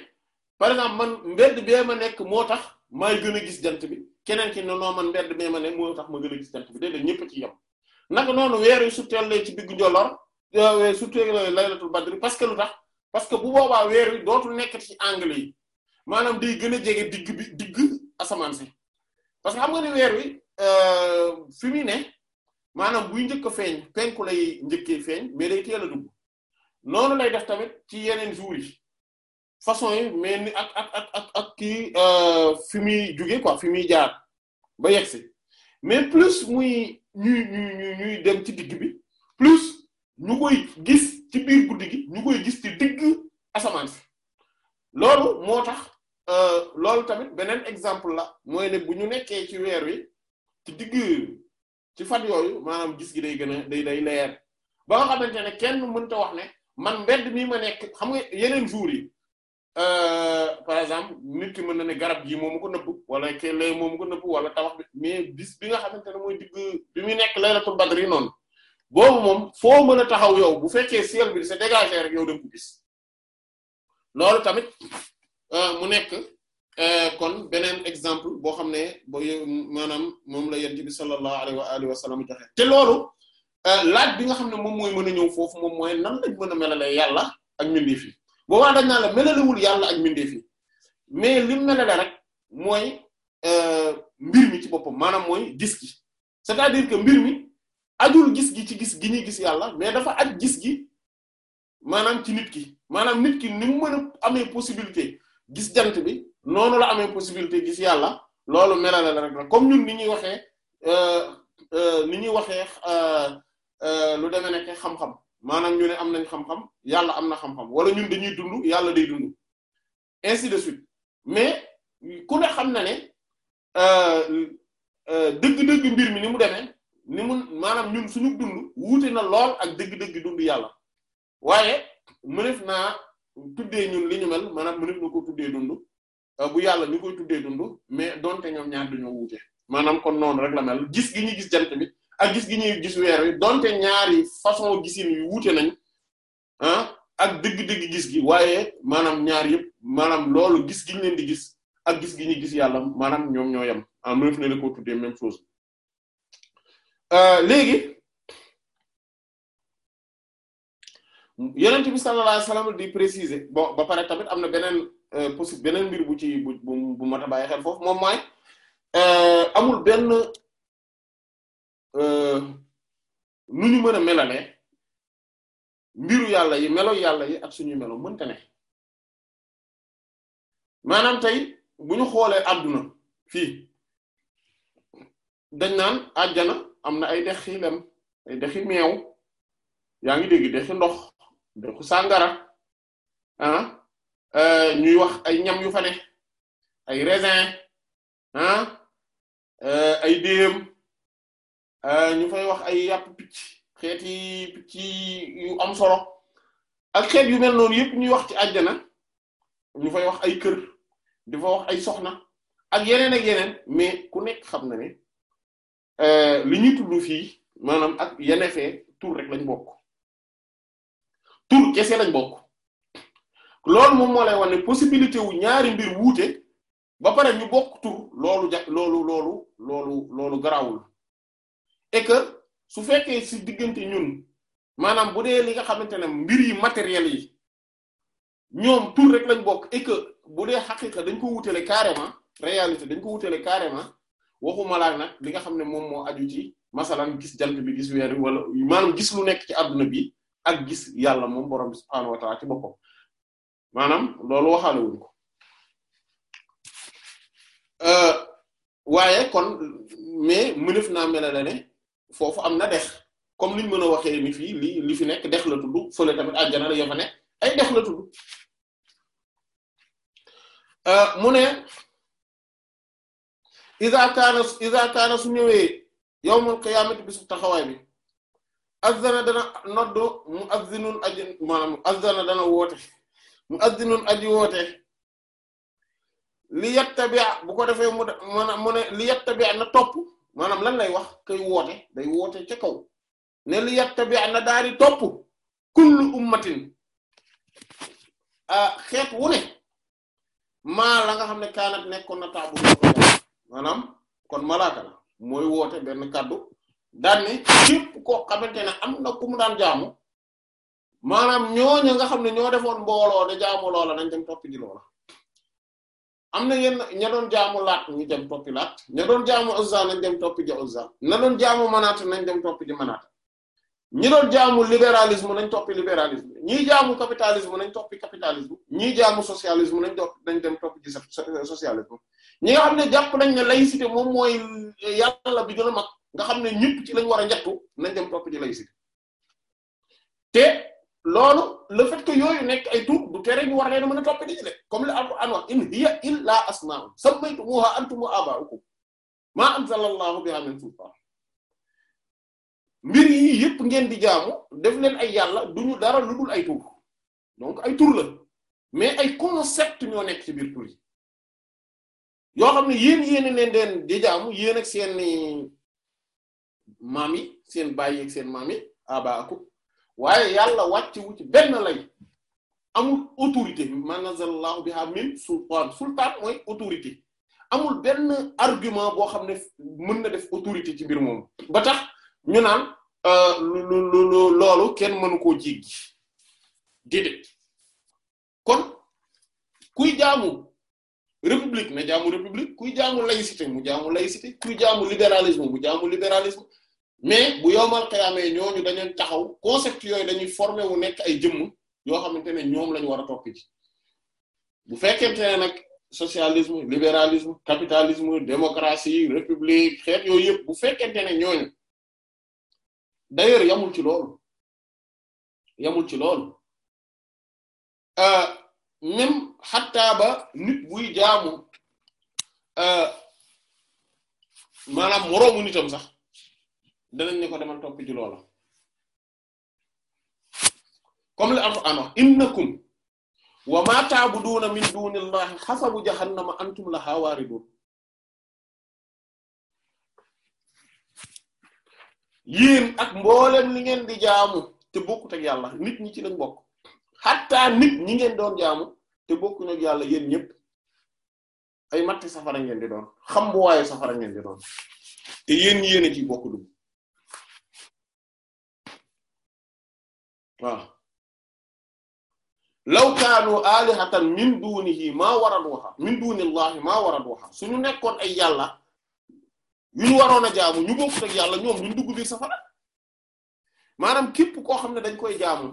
par exemple mbedd bee ma nekk moo tax maay gën a gis jant bi keneen ki ne noo man mbedd mee ma ne moo tax ma gën a gis jant bi déedéet ñëpp ci yem naka noonu weer yu su teelee ci diggu njolloor euh, su teelee laylatul parce que lu tax parce que bu boobaa weer wi dootul nekk ci angle yi maanaam di gën a jege digg bi digg asamaan si parce que xam nga ni weer wi euh, fi mu ne maanaam buy njëkk a feeñ penku lay njëkkee feeñ mais day teel a dugg noonu lay def tamit ci yeneen jours façon yi mais ni ak ak ak ak ak kii euh, fi muy jóge quoi fi muy jaar ba yegsi mais plus muy ñuy ñuy ñuy dem ci digg bi plus ñu koy gis ci biir guddi gi ñu koy gis ci digg asamaan si loolu moo tax euh, loolu tamit beneen exemple la mooy ne bu ñu nekkee ci weer wi ci digg ci fan yooyu maanaam gis gi day gën a day day leer ba nga xamante ne kenn mënta wax ne man mbedd mii ma nekk xam nga yeneen jours yi Euh, par exemple nit ki mën na ne garab gii moomu ko nëbb wala kelee moomu ko nëbb wala tabax bi mais bis bi nga xamante ne mooy digg bi mu nekk laylatul badr yi noonu boo moom foo mën a taxaw yow bu fekkee ciel bi c'est dégagé rek yow de nga loolu tamit euh, mu nekk euh, kon beneen exemple boo xam ne boo maanaam moom la yent bi sallallahu alayhi wa alihi wa sallam joxe te loolu laaj bi nga xam ne moom mooy mën a ñëw foofu moom mooy nan lañ mën a melalee yàlla ak mbindeef yi boobaa dañ naa la melalewul yàlla ak mbindeef yi mais lim melale rek mooy euh, mbir mi ci boppam maanaam mooy gis gi c'est-à-dire que mbir mi ajul gis gi ci gis gi ñuy gis yàlla mais dafa aj gis gi maanaam ci nit ki maanaam nit ki ni mu mën amee possibilité gis jant bi noonu la amee possibilité gis yàlla loolu melale rek la comme ñun ni ñuy waxee euh, euh, ni ñuy waxee lu deme nekk xam-xam maanaam ñu ne am nañ xam-xam yàlla am na xam-xam wala ñun dañuy dund yàlla day dund ainsi de suite mais ku ne xam na ne euh, euh, dëgg-dëgg mbir mi ni mu demee ni mu maanaam ñun suñu dund wuute na lool ak dëgg-dëgg dund yàlla waaye mënef naa tuddee ñun li ñu mel maanaam mënef na ko tuddee dund euh, bu yàlla ñu koy tuddee dund mais donte ñoom ñaar dañoo wuute maanaam kon noonu rek la mel gis gi ñu gis jant tamit ak gis gi ñuy gis weer wi donte ñaari façon gisin yu wuute nañ ah ak dëgg-dëgg gis gi waaye maanaam ñaar yëpp maanaam loolu gis gi ñu leen di gis ak gis gi ñuy gis yàlla maanaam ñoom ñoo yam en même ne la ko tuddee même chose euh, léegi yonent bi sallallahu alayhi di préciser bon ba pare tamit am na beneen euh, possible beneen mbir bu ci bu bu bu mat a bàyyi moom mooy euh, amul benn Euh, nu ñu mën a melalee mbiru yàlla yi melo yàlla yi ak suñuy melo mënta ne maanaam tey bu ñu xoolee àdduna fii dañ naan àjjana am na ay dexi lem ay dexi meew yaa ngi dégg dexi ndox dexu sàngara ah euh, ñuy wax ay ñam yu fa ne ay raisin ah euh, ay déem Euh, ñu fay wax ay yàpp picc xeeti picc yu am solo ak xeet yu mel noonu yëpp ñuy wax ci àjjana ñu fay wax ay kër di fa wax ay soxna ak yeneen ak yeneen mais ku nekk xam na ne euh, li ñuy tudd fii maanaam ak yenefee tur rek lañ bokk tur kese lañ bokk loolu moom moo lay wax possibilité wu ñaari mbir wuute ba pare ñu bokk tur loolu ja loolu loolu lolu loolu garawul et que su fekkee si diggante ñun maanaam bu dee li nga xamante ne mbir yi matériel yi ñoom tur rek lañ bokk et que bu dee xaqiqa dañ ko wutale carrément réalité dañ ko wutale carrément waxuma laa nag li nga xam ne moom moo aju ci masalan gis jant bi gis weer wala maanaam gis lu nekk ci àdduna bi ak gis yàlla moom borom bi subhaanahu wa ta'ala ci loolu waxaale wuñ ko euh, waaye kon mais mënef naa melale ne foofu am na dex comme lim mën a waxee ni fii li li fi nekk dex la tudd fële tamit àjjana la ya fa ay dex la tudd euh, mu ne iza kaana iza kaana su ñëwee yawmul qiyaamati bisu taxawaay bi azzana dana noddu mu azzinun aji maanaam azzana dana woote mu azzinun aji woote li yattabi' bu ko defee mu mën a mu ne li na topp maanaam lan lay wax koy woote day woote ca kaw ne li yattabi'na daal di topp kullu ummatin ah, xeet wu ne maa la nga xam ne kaanat nekkoon na taabu maanaam kon malaaka na mooy woote benn kàddu daan ne képp koo xamante ne am na ku mu daan jaamu maanaam ñooñu nga xam ne ñoo defoon mbooloo de jaamu loola nañ dem topp ji am na yenn ña doon jaamu laat ñu dem toppi laat ña doon jaamu uzza nañ dem toppi ji uzza ña doon jaamu manaat nañ dem toppi ji manaat ñi doon jaamu libéralisme nañ toppi libéralisme ñii jaamu capitalisme nañ toppi capitalisme ñii jaamu socialisme nañ topp nañ dem toppi ji socialisme ñi nga xam ne jàpp nañ ne laïcité moom mooy eh, yàlla bi gën a mag nga xam ne ñëpp ci lañ war a njattu nañ dem toppi ji laïcité te loolu le fait que yooyu nekk ay tur du tere ñu war leen mën a topp di ne comme le Alxuraan wax in hiya illaa asmaa'un sammaytumuuhaa antum wa aabaa'ukum maa anzalallaahu bihaa min sultaan mbir yii yëpp ngeen di jaamu def leen ay yàlla duñu dara lu dul ay tur donc ay tur la mais ay concept ñoo nekk ci biir tur yoo xam ne yéen yéen leen deen di jaamu yéen ak seen maam yi seen baay yi seen maam yi abaakum waaye yàlla wàccewu ci benn lay amul autorité manazallahu biha min sultaan sultaan mooy autorité amul benn argument boo xam ne mën na def autorité ci mbir moomu ba tax ñu naan euh, loolu kenn mënu koo jéggi déedéet kon kuy jaamu république na jaamu république kuy jaamu laïcité mu jaamu laïcité kuy jaamu libéralisme mu jaamu libéralisme mais bu yowmal xiyaamee ñooñu dañu taxaw concept yooyu dañuy former wu nekk ay jëmm yoo xamante ne ñoom la ñu war a topp bu fekkente ne nag socialisme libéralisme capitalisme démocratie république xeet yooyu yëpp bu fekkente ne ñooñu d'ailleurs yamul ci loolu yamul ci lool euh, même xattaa ba nit buy jaamu euh, maanaam moroomu nitam sax danañ ne ko demal topp ci loola comme la alquran wax innakum wa ma ta'buduna min dunillahi hasabu jahannama antum laha waridun yéen ak mboolem li ngeen di jaamu te bokkut ak yàlla nit ñi ci lañ bokk xatta nit ñi ngeen doon jaamu te bokkuñ ak yàlla yéen ñëpp ay matti safara ngeen di doon xam bu waayu safara ngeen di doon te yéen yéen a ciy waaw law kaanu alihatan min dunihi maa waraduha min dunillahi maa waraduha suñu nekkoon ay yàlla yu ñu waroon a jaamu ñu bokkut ak yàlla ñoom duñ dugg biir safara maanaam képp koo xam ne dañ koy jaamu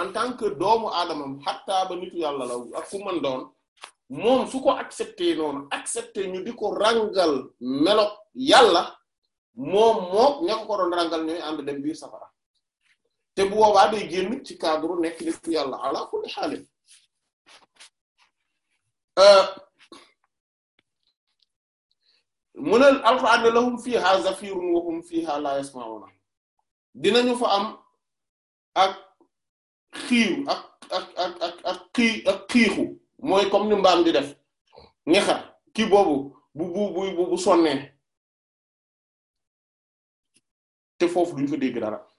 en tant que doomu aadamam xattaa ba nitu yàlla la ak ku mën doon moom su ko accepté noonu accepté ñu di ko rangal melo yàlla moom mook ña ko rangal ñooy ànd dem biir safara te bu boobaa day génn ci cadre nekk nitu yàlla ala kulli xaalim euh, mu ne alquran ne lahum fiha zafirun wa hum fiha la yasma'una dinañu fa am ak xiiw ak ak ak ak xiixu mooy comme ni mbaam di def ñaxar kii boobu bu bu bu bu te foofu duñ fa dégg dara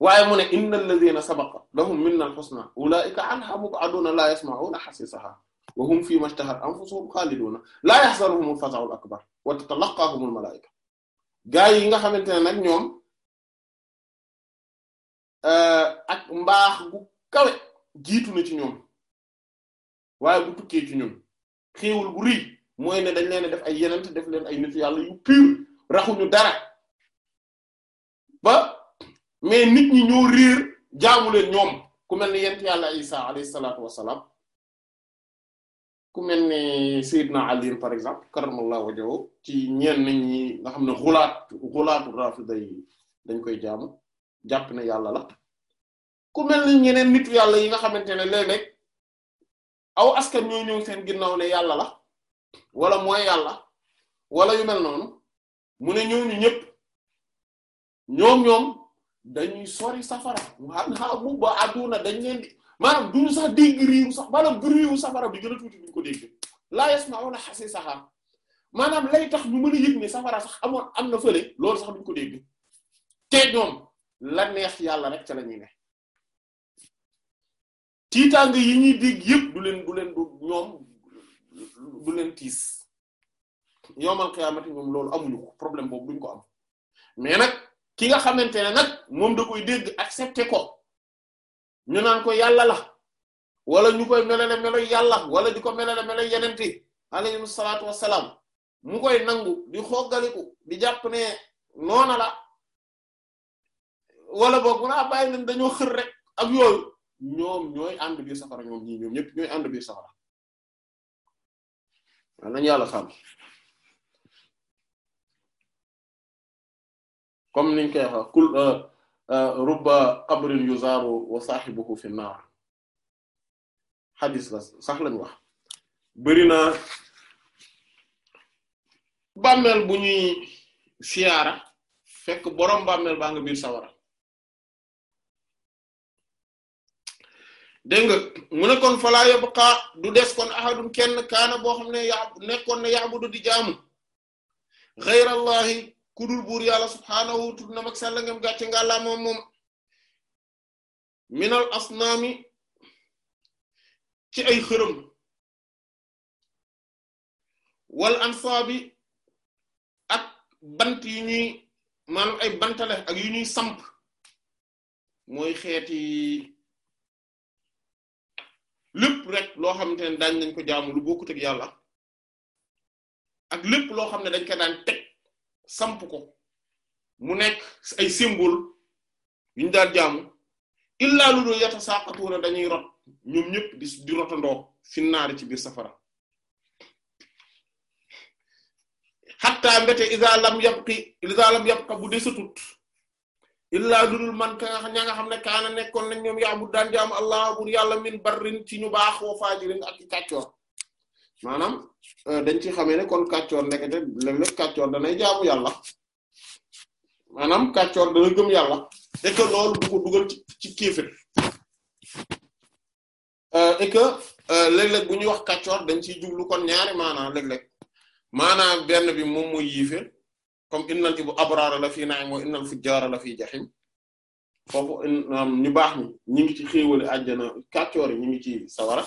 waaye mu ne innal ladhina sabaqa lahum minnal husna ulaa'ika anhaa mub'aduuna laa yasma'uuna hasiisahaa wa hum fiimaa ishtahat anfusuhum xaaliduuna laa yahzanuhumul faza'ul akbar wa tatalaqaahumul malaa'ika gaa yi nga xamante ne nag ñoom eh, ak mbaax gu kawe jiitu na ci ñoom waaye bu tukkee ci ñoom xéewul bu rëy mooy ne dañ leen def ay yenent def leen ay nitu yàlla yu pur raxuñu dara ba mais nit ñi ñoo réer jaamu leen ñoom ku mel ne yent yàlla Isa alayhi salaatu salaam ku mel ne Seydina Ali par exemple karamallahu wajhahu ci ñeen ñi nga xam ne xulaat xulaatu rafida yi dañ koy jaamu jàpp ne yàlla la ku mel ni ñeneen nitu yàlla yi nga xamante ne léeg-léeg aw askan ñoo seen ginnaaw ne yàlla la wala mooy yàlla wala yu mel noonu mu ne ñooñu ñëpp ñoom ñoom dañuy sori safara xam nga mu ba dañ leen di maanaam duñu sax dégg riiw sax maanaam riiw safara bi gën tuuti duñu ko dégg laa yasma'una saxa maanaam lay tax ñu mën a yëg ne safara sax amoon am na fële loolu sax duñu ko dégg te ñoom la neex yàlla rek ca la ñuy ne tiitaanga yi ñuy dégg yëpp du leen du leen du ñoom du leen tiis yowmal qiyaamati ñoom loolu amuñu ko problème boobu duñ ko am mais ki nga xamante ne nag moom da koy dégg accepter ko ñu naan ko yàlla la wala ñu koy melale melo yàlla wala di ko melale melo yenente alayhi salaatu wassalaam mu koy nangu di xoogaliku di jàpp ne noona la wala boog bu laa ah, bàyyi dañoo xër rek ak yooyu ñoom ñooy ànd biir safara ñoom ñii ñoom ñëpp ñooy ànd biir safara nañu yàlla xam comme niñ koy wax kul euh, euh, rubba qabrin yuzaaru wa saahibuhu fi naar xadis sax lañ wax bëri na bàmmeel bu ñuy siyaara fekk boroom bàmmeel baa nga sawara dégg nga mu ne kon falaa yabqa du des kon ahadum kenn kaana boo xam ne ya nekkoon ne ya'budu di jaamu ghayra allahi ku dul buur yàlla subhaanahu tudd na mag sell ngam gàcce nga la moom moom ci ay xërëm wal ansaabi ak bant yu ñuy maanaam ay bantale ak yu ñuy samp mooy xeeti lépp rek loo xamante ne daañ nañ ko jaamu lu bokkut ak yàlla ak lépp loo xam ne dañ ko daan teg samp ko mu nekk ay symbole yu daal jaamu illaa lu dul yata saaqatuuna dañuy rot ñoom ñëpp di di rotandoo fi naari ci biir safara xatta mbete isa lam yabqi isa lam yabqa bu desatut illaa lu dul man ka ña nga xam ne kaana nekkoon nañ ñoom yaa bu daan jaamu allah bur yàlla min barrin ci ñu baax wa faajirin ak i kàccoor maanaam euh, dañ ci xamee ne kon kàccoor ndekete léeg-léeg kàccoor danay jaamu yàlla maanaam kàccoor dana gëm yàlla et loolu du ci kéefir euh, et que euh, léeg bu ñuy wax kàccoor dañ ciy jublu kon ñaari maanaam léeg-léeg maanaam benn bi moom mooy yiifir comme innal ibu abraara la fi na'im wa innal fujjaara la fi jahim foofu ñu baax ñi ñi ngi ci xéewale àjjana kàccoor yi ñi ngi ci sawara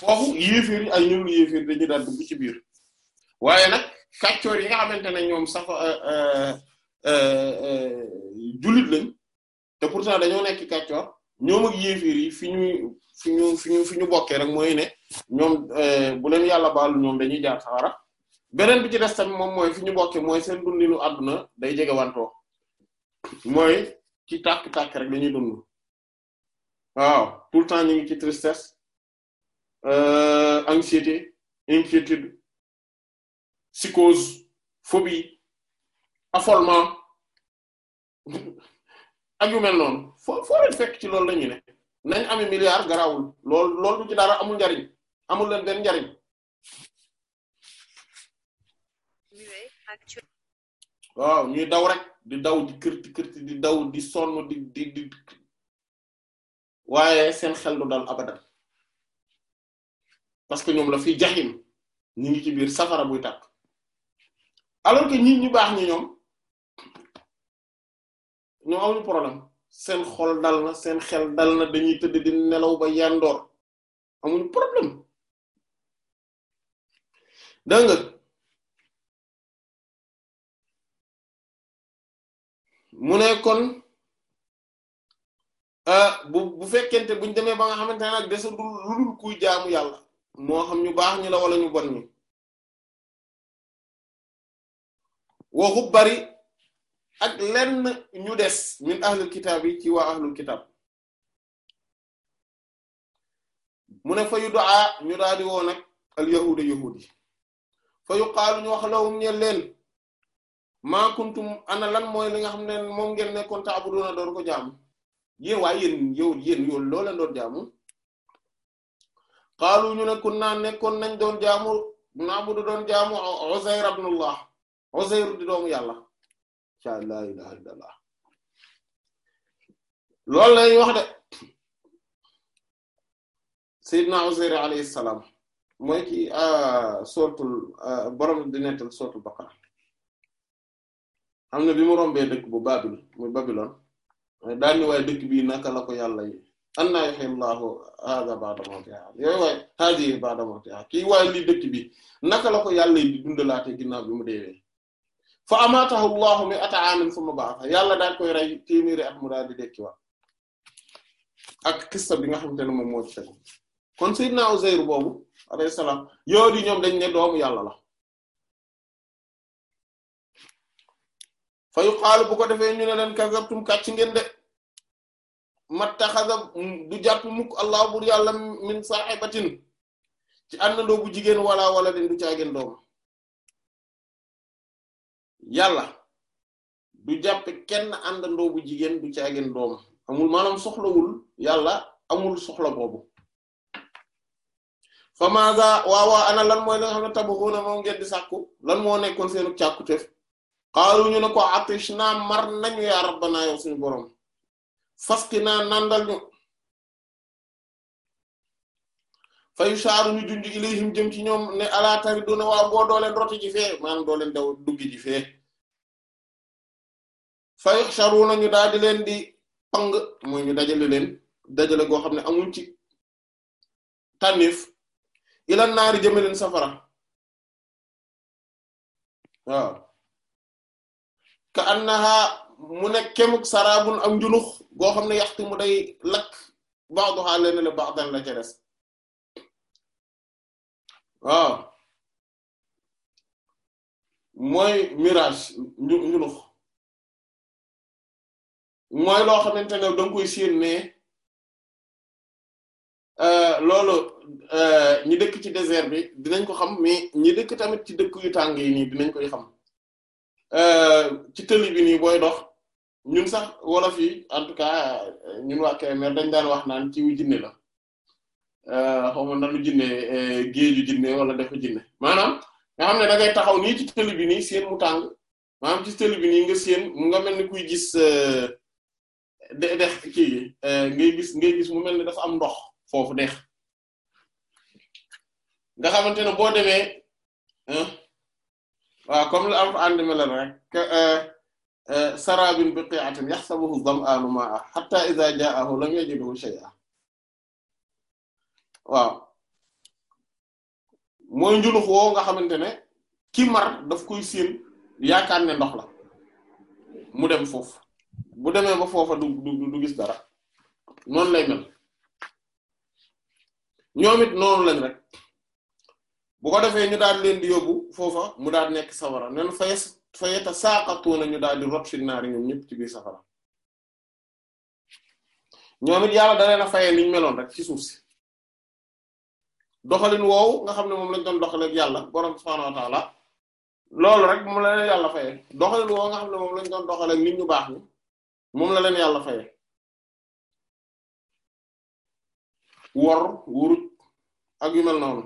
foofu yéeféer yi ay ñëwlu yéeféer dañu daal dugg ci biir waaye nag kàccoor yi nga xamante ne ñoom sax euh, euh, euh, jullit lañ te pourtant dañoo nekk kàccoor ñoom ak yi fi ñu fi ñu fi ñu rek mooy ne ñoom bu leen yàlla baalu ñoom dañuy jaar sawara beneen bi ci des tamit moom mooy fi ñu bokkee mooy seen dundinu àdduna day jege wantoo mooy ci tàkk-tàkk rek dañuy dund waaw tout temps ñu ngi ci tristesse Euh, anxiété inquiétude psychose phobie affolement ak yu mel noonu foo foo leen ci loolu la ñu ne nañ amee milliard garawul lool loolu du ci dara amul njariñ amu leen benn njariñ waaw ñuy daw rek di daw di kërti kërti di daw di sonn di di di waaye seen xel du dal abadan parce que ñoom la fi jaxim ñu ngi ci biir safara buy tàkk alors que ñi ñu baax ñi ñoom ñoom amuñu problème seen xol dal seen xel dal na dañuy tëdd di nelaw ba yandoor amuñu problème dégg nga mu ne kon euh, bu bu fekkente buñ demee ba nga xamante ne nag desul lu dul kuy jaamu yàlla moo xam ñu baax ñi la wala ñu bon ñi waxub bari ak lenn ñu des min ahlul kitaab yi ci waa ahlul kitaab mu ne fa yu du'aa ñu daal di woo nag al yahuda yahudi fa yu qaalu ñu wax lawum ñe leen maa kuntum ana lan mooy li nga xam ne moom ngeen nekkoon taabuduuna doon ko jaamu yéen waaye yéen yow yéen yow loo leen doon jaamu qaalu ñu ne kunna nekkoon nañ doon jaamu naabudu doon jaamu Uzayr ibnullah Uzayr di doomu yàlla insha Allah la ilaha illallah loolu lay wax de Seydina Uzayr alayhi salaam mooy ki ah, sootul ah, borom di sootul Baqara am na bi mu rombee dëkk bu Babil muy Babylone daan ni waaye dëkk bii naka la ko yàlla yi annaa yuhyillaahu haadhaa ba'da mawtihaa yooyu waaye haadihi ba'da mawtihaa kii waaye lii dëkk bi naka la ko yàlla di dundalaatee ginnaaw bi mu deewee fa amaatahu llaahu mi'ata aamin summa ba'athahu yàlla daal koy rey téeméeri at mu daal di dekkiwaat ak kissa bi nga xamante ne moom moo ci tegu kon sayyidina Uzayr boobu alayhi salaam yoo ñoom dañ ne doomu yàlla la fa yuqaalu bu ko defee ñu ne leen kazabtum kàcc ngeen de. mattaxaza du jàpp mukk allah bur yàlla min sahibatin ci àndandoo bu jigéen wala wala den du caageen doom yàlla du jàpp kenn àndandoo bu jigéen du caageen doom amul maanaam soxlawul yàlla amul soxla boobu Famaza waawaa ana lan mooy la nga xam ne tabaxoona moom ngeen di sàkku lan moo nekkoon seenu càkkuteef xaaruñu ne ko atishna mar nañu yaa rabbana yow suñu borom faski naa nandal ñu fayu saaru ñu junj ilayhim jëm ci ñoom ne ala tari duna waaw boo dooleen roti ji fee maanaam dooleen daw duggi fee fayu saru nañu daal di leen di pang mooy ñu dajale leen dajale goo xam ne amuñ ci tànniif ilan naari jëme leen safara waaw ka annaha mu nekk kemuk saraabun am njunux goo xam ne yaxtu mu day lakk ba'daha lenn le ba'dan la ca des waaw mooy mirage nju njunux mooy loo xamante ne danga koy séen ne euh, loolu euh, ñi dëkk ci désert bi dinañ ko xam mais ñi dëkk tamit ci dëkk yu tàng yi nii dinañ koy xam euh, ci tëli bi nii booy dox ñun sax wolof yi en tout cas ñun waa Kébémer dañ daan wax naan ciwu jinne la euh, xaw ma nanu jinne euh, géeju jinne wala defu jinne maanaam nga xam ne da ngay taxaw ni ci tëli bi nii seen mu tàng maanaam ci tëli bi nii nga seen mu nga mel ni kuy gis euh, de dex ki ngay gis ngay gis mu mel ni dafa am ndox foofu dex nga xamante ne boo demee waaw comme la am fa ànd mel rek sarabin biqi'atin yahsabuhu adh a ma'a hatta idha ja'ahu lam yajidhu shay'a waaw mooy njulux nga xamante ne ki mar daf koy siin yaakaar ne ndox la mu dem foofu bu demee ba foofa du du du gis dara noonu lay mel ñoom it noonu lañ rek bu ko defee ñu daal leen di yóbbu foofa mu daal nekk sawara nen fayes fa yatasaaqatuuna ñu daal di rot fi ñoom ñëpp ci biir safara ñoom yàlla da leen a fayee liñ meloon rek ci suuf si doxalin woowu nga xam ne moom lañ doon doxalee yàlla borom subhaanahu wa ta'aala loolu rek moom la leen yàlla fayee doxalin woowu nga xam ne moom lañ doon doxalee ak nit ñu baax ñi moom la leen yàlla fayee wor wurut ak yu mel noonu.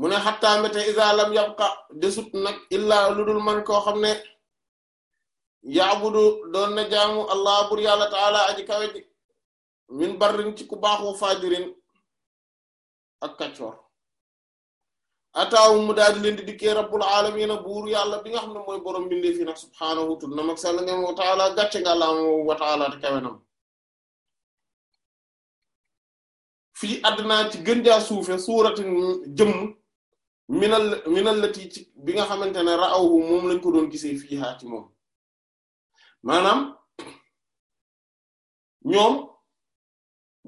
mu ne xattaa mbéte isa lam yabqa desut nag illaa lu dul man koo xam ne yaabudu doon na jaamu allah bur yàlla taala aji kawe ji min barrin ci ku baaxu fajirin ak kaccoor ataaw mu daal di leen di dikkee rabbul alamina buur yàlla bi nga xam ne mooy borom bindee fii nag subhaanahu tud na mag sell ngam wa taala gàcce nga laam wa taala nam fii àddinaa ci gën jaa suufe suuratin jëmm minal minal lati ci bi nga xamante ne ra'awhu moom lañ ko doon gisee fiihaa ci moom maanaam ñoom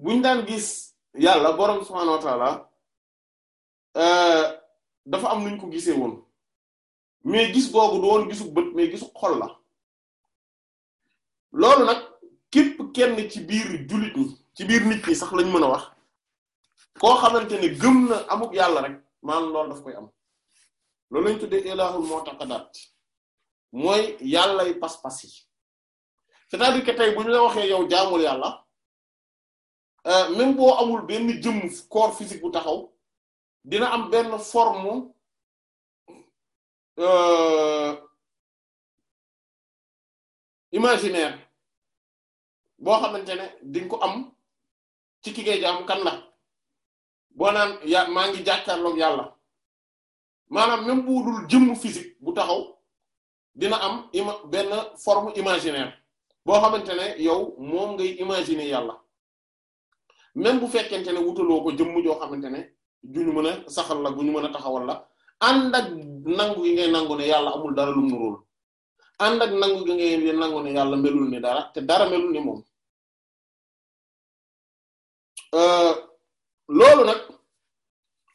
buñ daan gis yàlla boroom subhaanahu wa euh, dafa am nuñ ko gisee woon mais gis googu doon gisu bët mais gisu xol la loolu nag képp kenn ci biir jullit ñi ci biir nit ñi sax lañ mën a wax koo xamante ne gëm na amuk yàlla rek maanaam loolu daf koy am loolu lañ tuddee ilahul mu'taqadat mooy yàlla yi pas-pas yi c'est-à-dire bu ñu la waxee yow jaamul yàlla euh, même boo amul benn jëmm corps physique bu taxaw dina am benn forme euh, imaginaire boo xamante ne di ko am ci ki ngay jaam kan la. boo naan ya maa ngi jàkkaarloog yàlla maanaam même bu dul jëmm physique bu taxaw dina am ima benn forme imaginaire boo xamante ne yow moom ngay imaginer yàlla même bu fekkente ne wutaloo ko jëmm joo xamante ne ju ñu mën a saxal bu ñu mën a taxawal la ànd nangu gi ngay nangu ne yàlla amul dara lum nuróol ànd ak nangu gi ngay nangu ne yàlla melul ni dara te dara melul ni moom euh,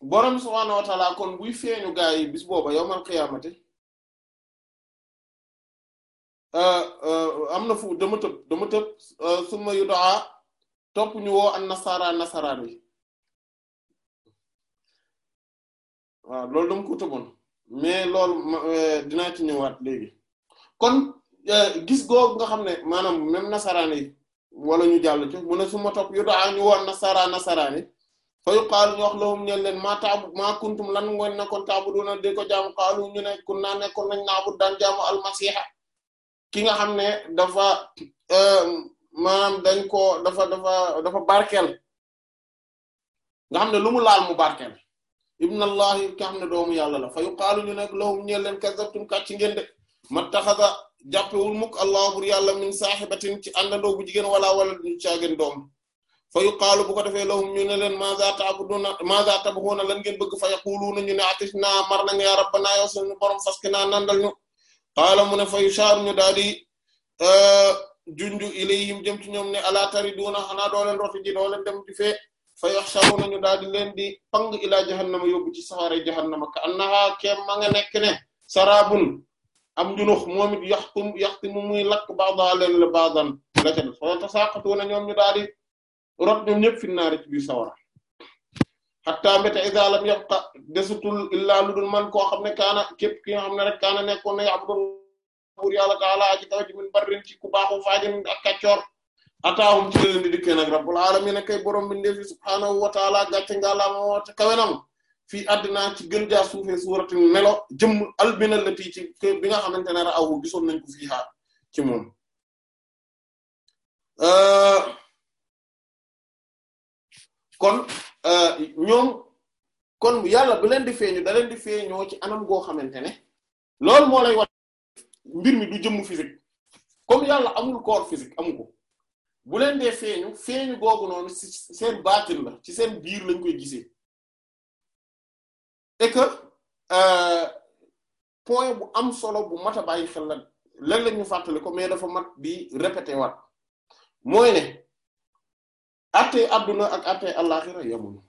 bo subhaanahu wa ta'aala kon buy feeñu gaa yi bis booba yawmal qiyaamati euh, euh, am na fu dama tëb dama tëb euh, summa yud'a topp ñu woo an nasara nasaraan yi waaw loolu dama ko tëboon mais loolu dinaa ci ñëwaat léegi kon gis googu nga xam ne maanaam même nasaraan yi wala ñu jàll ci mu ne suma topp yud'a ñu woo an nasara nasaraan yi fa yuqaalu ñu wax lahum ñeen leen maa taabu maa kuntum lan ngeen nekkoon taabuduna di ko jaamu qaalu ñu ne kunna nekkoon nañ naabud daan jaamu almasiha ki nga xam ne dafa euh, maanaam dañ ko dafa dafa dafa barkeel xam ne lu mu laal mu barkeel ibn allah ki nga xam ne doomu yàlla la fa yuqaalu ñu nekk ka ñeen leen kazabtum kàcc ngeen de mattaxaza jàppewul mukk allah bur yàlla min saaxibatin ci àndandoo bu jigéen wala wala duñu caageen doom fa yuqaalu bu ko defee lahum ñu ne leen maza ta'buduna maza tabghuna lan ngeen bëgg fa yaquluna ñu ne atishna mar nañu ya rabbana yow suñu borom nandal ñu qaala mu ne fa yushaaru ñu daal di e, jëm ci ñoom ne ala tariduna xanaa doo leen roti ji doo leen dem ci fee ñu daal leen di pang ila jahannama yóbbu ci saxaare jahannama ka annaha keem ma nga nekk ne sarabun am njunux moom it yaxtum yaxtimu muy lakk ba'da leen la ba'dan la ca fa tasaqatuna ñoom ñu daal rot ñoom ñëpp fi naari ci biir sawara xatta mbéte iza lam yabqa desutul illaa lu dul man koo xam ne kaana képp ki nga xam ne rek kaana nekkoon na ya'budu buur yàlla taala ci kaw ci min barrin ci ku a faajin ak kàccoor ataahum ci leen di dikkee nag rabbul alamin kay borom bi ndefi subhaanahu wa taala gàcce ngàllaama woo te kawenam fii àddinaa ci gën jaa suufee suuratin melo jëmm albina la tii ci bi nga xamante ne ra awu gisoon nañ ci moom euh, kon euh, ñoom kon yàlla bu leen di feeñu da leen di feeñoo ci anam goo xamante ne loolu moo lay wax mbir mi du jëmm physique comme yàlla amul corps physique amu bu leen dee feeñu feeñu googu noonu ci seen ci seen biir lañ koy gisee et que euh, point bu am solo bu mat a bàyyi xel la léeg-léeg ñu fàttali ko mais dafa mat bi répété waat mooy ne. attey adduna ak attey àllaxira yamuñu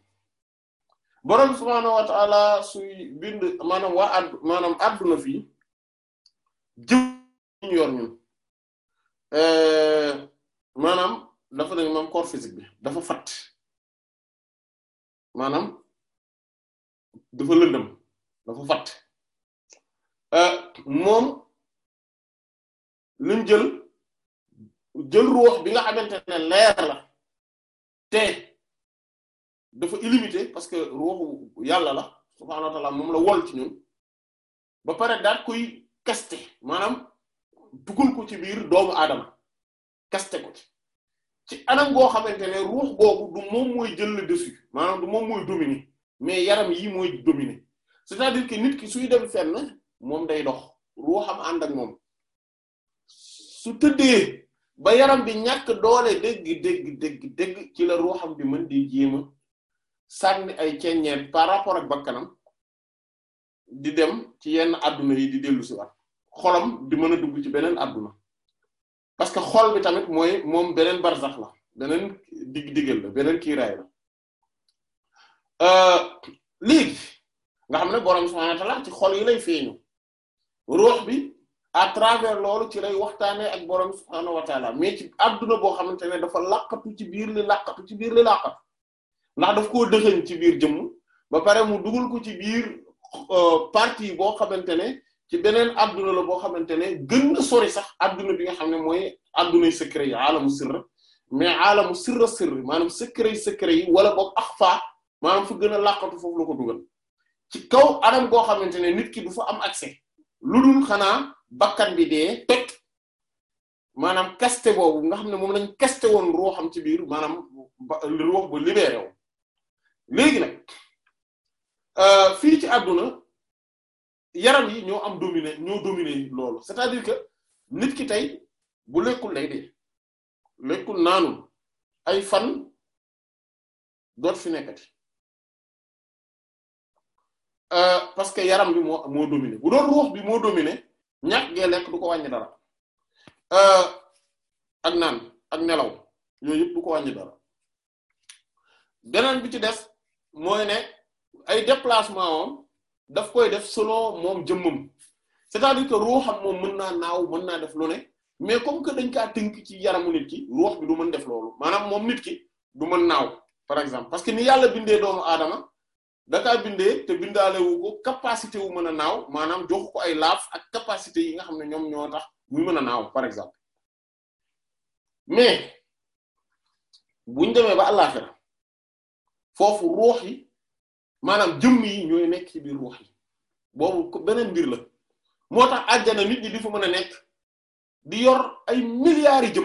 boroom subhaanahu wa suy bind maanaam waa adduna fii jëm yor ñun maanaam dafa nañ moom corps bi dafa fatt maanaam dafa lëndëm dafa fatt moom luñ jël jël ruux bi nga xamante ne te dafa illimité parce que ruuxu yàlla la subhaanahu wa ta'ala moom la wol ci ñun ba pare daal koy kaste maanaam dugal ko ci biir doomu aadama kaste ko ci anam goo xamante ne ruux googu du moom mooy jël le maanaam du moom mooy dominer mais yaram yii mooy dominer c'est-à-dire que nit ki suy dem fenn moom day dox ruuxam ànd ak moom su tëddee ba yaram bi ñàkk doole dégg dégg dégg dégg ci la ruuxam bi mën di jéema sànni ay ceññeet par rapport ak bakkanam di dem ci yenn adduna yi di dellu si waat xolam di mën a dugg ci beneen adduna parce que xol bi tamit mooy moom beneen barzax la beneen dig digal la beneen kiiraay la euh, léegi nga xam ne borom subhaanahu ci xol yi lay feeñu ruux bi à travers loolu ci lay waxtaanee ak borom subhaanahu wa taala mais ci adduna boo xamante ne dafa laqatu ci biir li laqatu ci biir li laqatu ndax daf koo dëxëñ ci biir jëmm ba pare mu dugul ko ci biir euh, partie boo xamante ne ci beneen adduna la boo xamante ne gën na sori sax adduna bi nga xam ne mooy addunay secret yi alamu sirr mais alamu sirra sirr maanaam secret yi secret yi wala boog axfa maanaam fu gën a laqatu foofu la ko dugal ci kaw anam goo xamante ne nit ki du fa am accès lu bakkan bi dee toj maanaam kaste boobu nga xam ne moom lañ kaste woon ruuxam ci biir maanaam ruux bu libéré wu léegi nag euh, fii ci àdduna yaram yi ñoo am dominé ñoo dominé lool c'est-à-dire que nit ki tey bu lekkul lay dee lekkul naanul ay fan doot fi nekkati euh, parce que yaram bi moo moo dominé bu doon ruux bi moo dominé ñàkk gee lekk du ko wàññi dara euh, ak naan ak nelaw yooyu yëpp du ko wàññi dara beneen bi ci def mooy ne ay déplacement moom daf koy def selon moom jëmmam c'est-à-dire que moom mën naa naaw mën naa def lu mais comme que dañ kaa tënk ci yaramu nit ki ruux bi du mën def loolu maanaam moom nit ki du mën naaw par exemple parce que ni yàlla bindee doomu aadama da kaa bindee te bindaale wu ko capacité wu mën a naaw maanaam joxu ko ay laaf ak capacité yi nga xam ne ñoom ñoo tax muy mën a naaw par exemple mais buñ demee ba àllaxira foofu ruux yi maanaam jëmm yi ñooy nekk ci biir ruux yi boobu beneen mbir la moo tax àjjana nit ñi di fa mën a nekk di yor ay milliards yi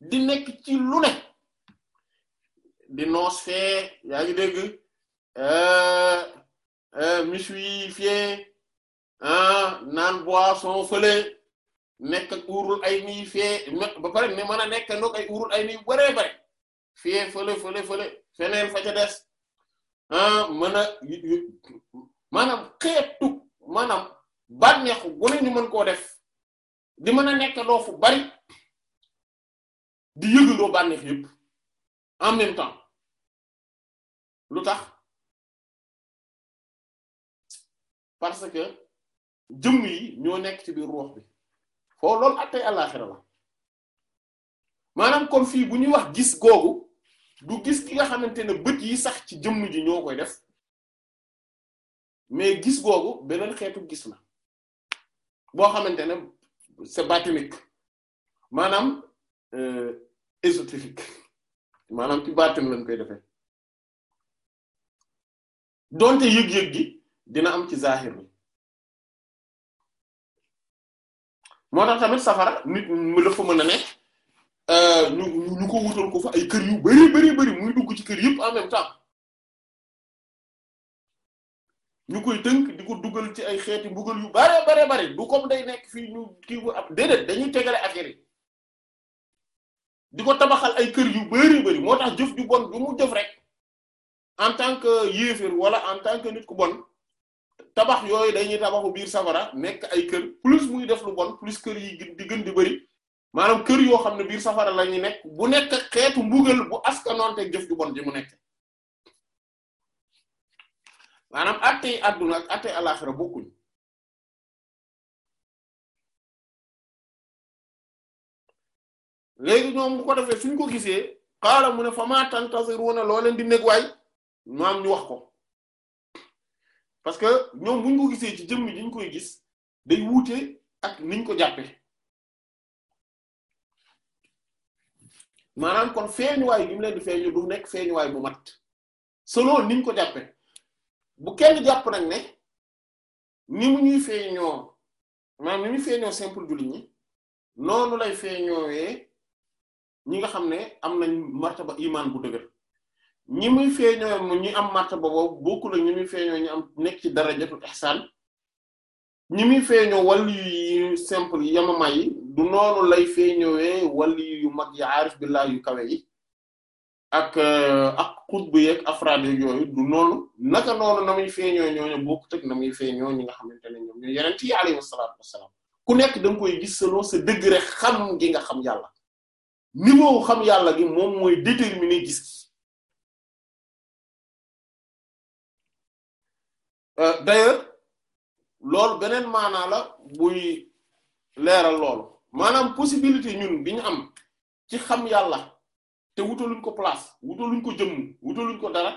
di nekk ci lu ne di noos fee yaa ngi dégg euh, euh, musuifié ah naan boisson fële nekk ak uurul ay nii fee ba pare ne mën a nekk ndox ay uurul ay nii bëree bëri fee fële fële fële feneen fa ca des ah mën a maanaam xeetu maanaam bànneexu bu ne ñu mën koo def di mën a nekk ndox fu bari di yëgandoo bànneex yëpp en même temps lu tax. parce que jëmm yi ñoo nekk ci biir ruux bi foofu loolu attey àllaaxira la maanaam kom fii bu ñuy wax gis googu du gis ki nga xamante ne bët yi sax ci jëmm ji ñoo koy def mais gis googu beneen xeetu gis na boo xamante ne c'est batinique maanaam euh, ésotérique maanaam ci baatin lañ koy defee donte yëg-yëg gi dina am ci zahir bi moo tax tamit safara nit mu dafa mën a nekk euh, ñu ñu ko wutal ko fa ay kër yu bari bari muy dugg ci kër yëpp en même temps ñu koy tënk di ko duggal ci ay xeeti mbugal yu bare bare bare du comme day nekk fii ñu kii ko ab déedéet dañuy tegale ak yi di ko tabaxal ay kër yu bari bari moo tax jëf ju bon du mu jëf rek en tant que yéeféer wala en tant que nit ku bon tabax yooyu dañuy tabaxu biir safara nekk ay kër plus muy def lu bon plus kër yi di gën di bëri maanaam kër yoo xam ne biir safara la ñuy nekk bu nekk xeetu mbugal bu askanoonteeg jëf ju bon ji mu nekk maanaam attey adduna ak attey alaxira bokkuñ léegi ñoom ko defee suñ ko gisee xaala mu ne fa ma tantaziruna loo leen di neg waay maam ñu wax ko parce que ñoom buñ ko gisee ci jëmm ji ñu koy gis day wuute ak niñ ko jàppee maanaam kon feeñuwaay gi mu leen di feeñu du nekk feeñuwaay bu mat selon niñ ko jàppee bu kenn jàpp nañ ne ni mu ñuy feeñoo maanaam ni muy feeñoo simple jullit ñi noonu lay feeñoowee ñi nga xam ne am nañ martaba imaan bu dëgër ñi muy feeñoo ñi am martaba boobu bokkul ak ñi muy feeñoo ñu am nekk ci darajatul ihsaan ñi muy feeñoo wàll yi simple yamama yi du noonu lay feeñowee wàll yu mag yi aarif billaah yu kawe yi ak euh, ak xutb yeeg afraad yooyu du noonu naka noonu na muy feeñoo ñooñu bokkut ak na muy feeñoo ñi nga xamante ne ñoom ñooy yeneen ci alayhi salaatu wassalaam ku nekk da koy gis selon sa degré xam gi nga xam yàlla niveau xam yàlla gi moom mooy déterminer gis. Euh, d'ailleurs lool beneen maanaa la buy leeral loolu maanaam possibilité ñun bi ñu am ci xam yàlla te wutaluñ ko place wutaluñ ko jëmm wutaluñ ko dara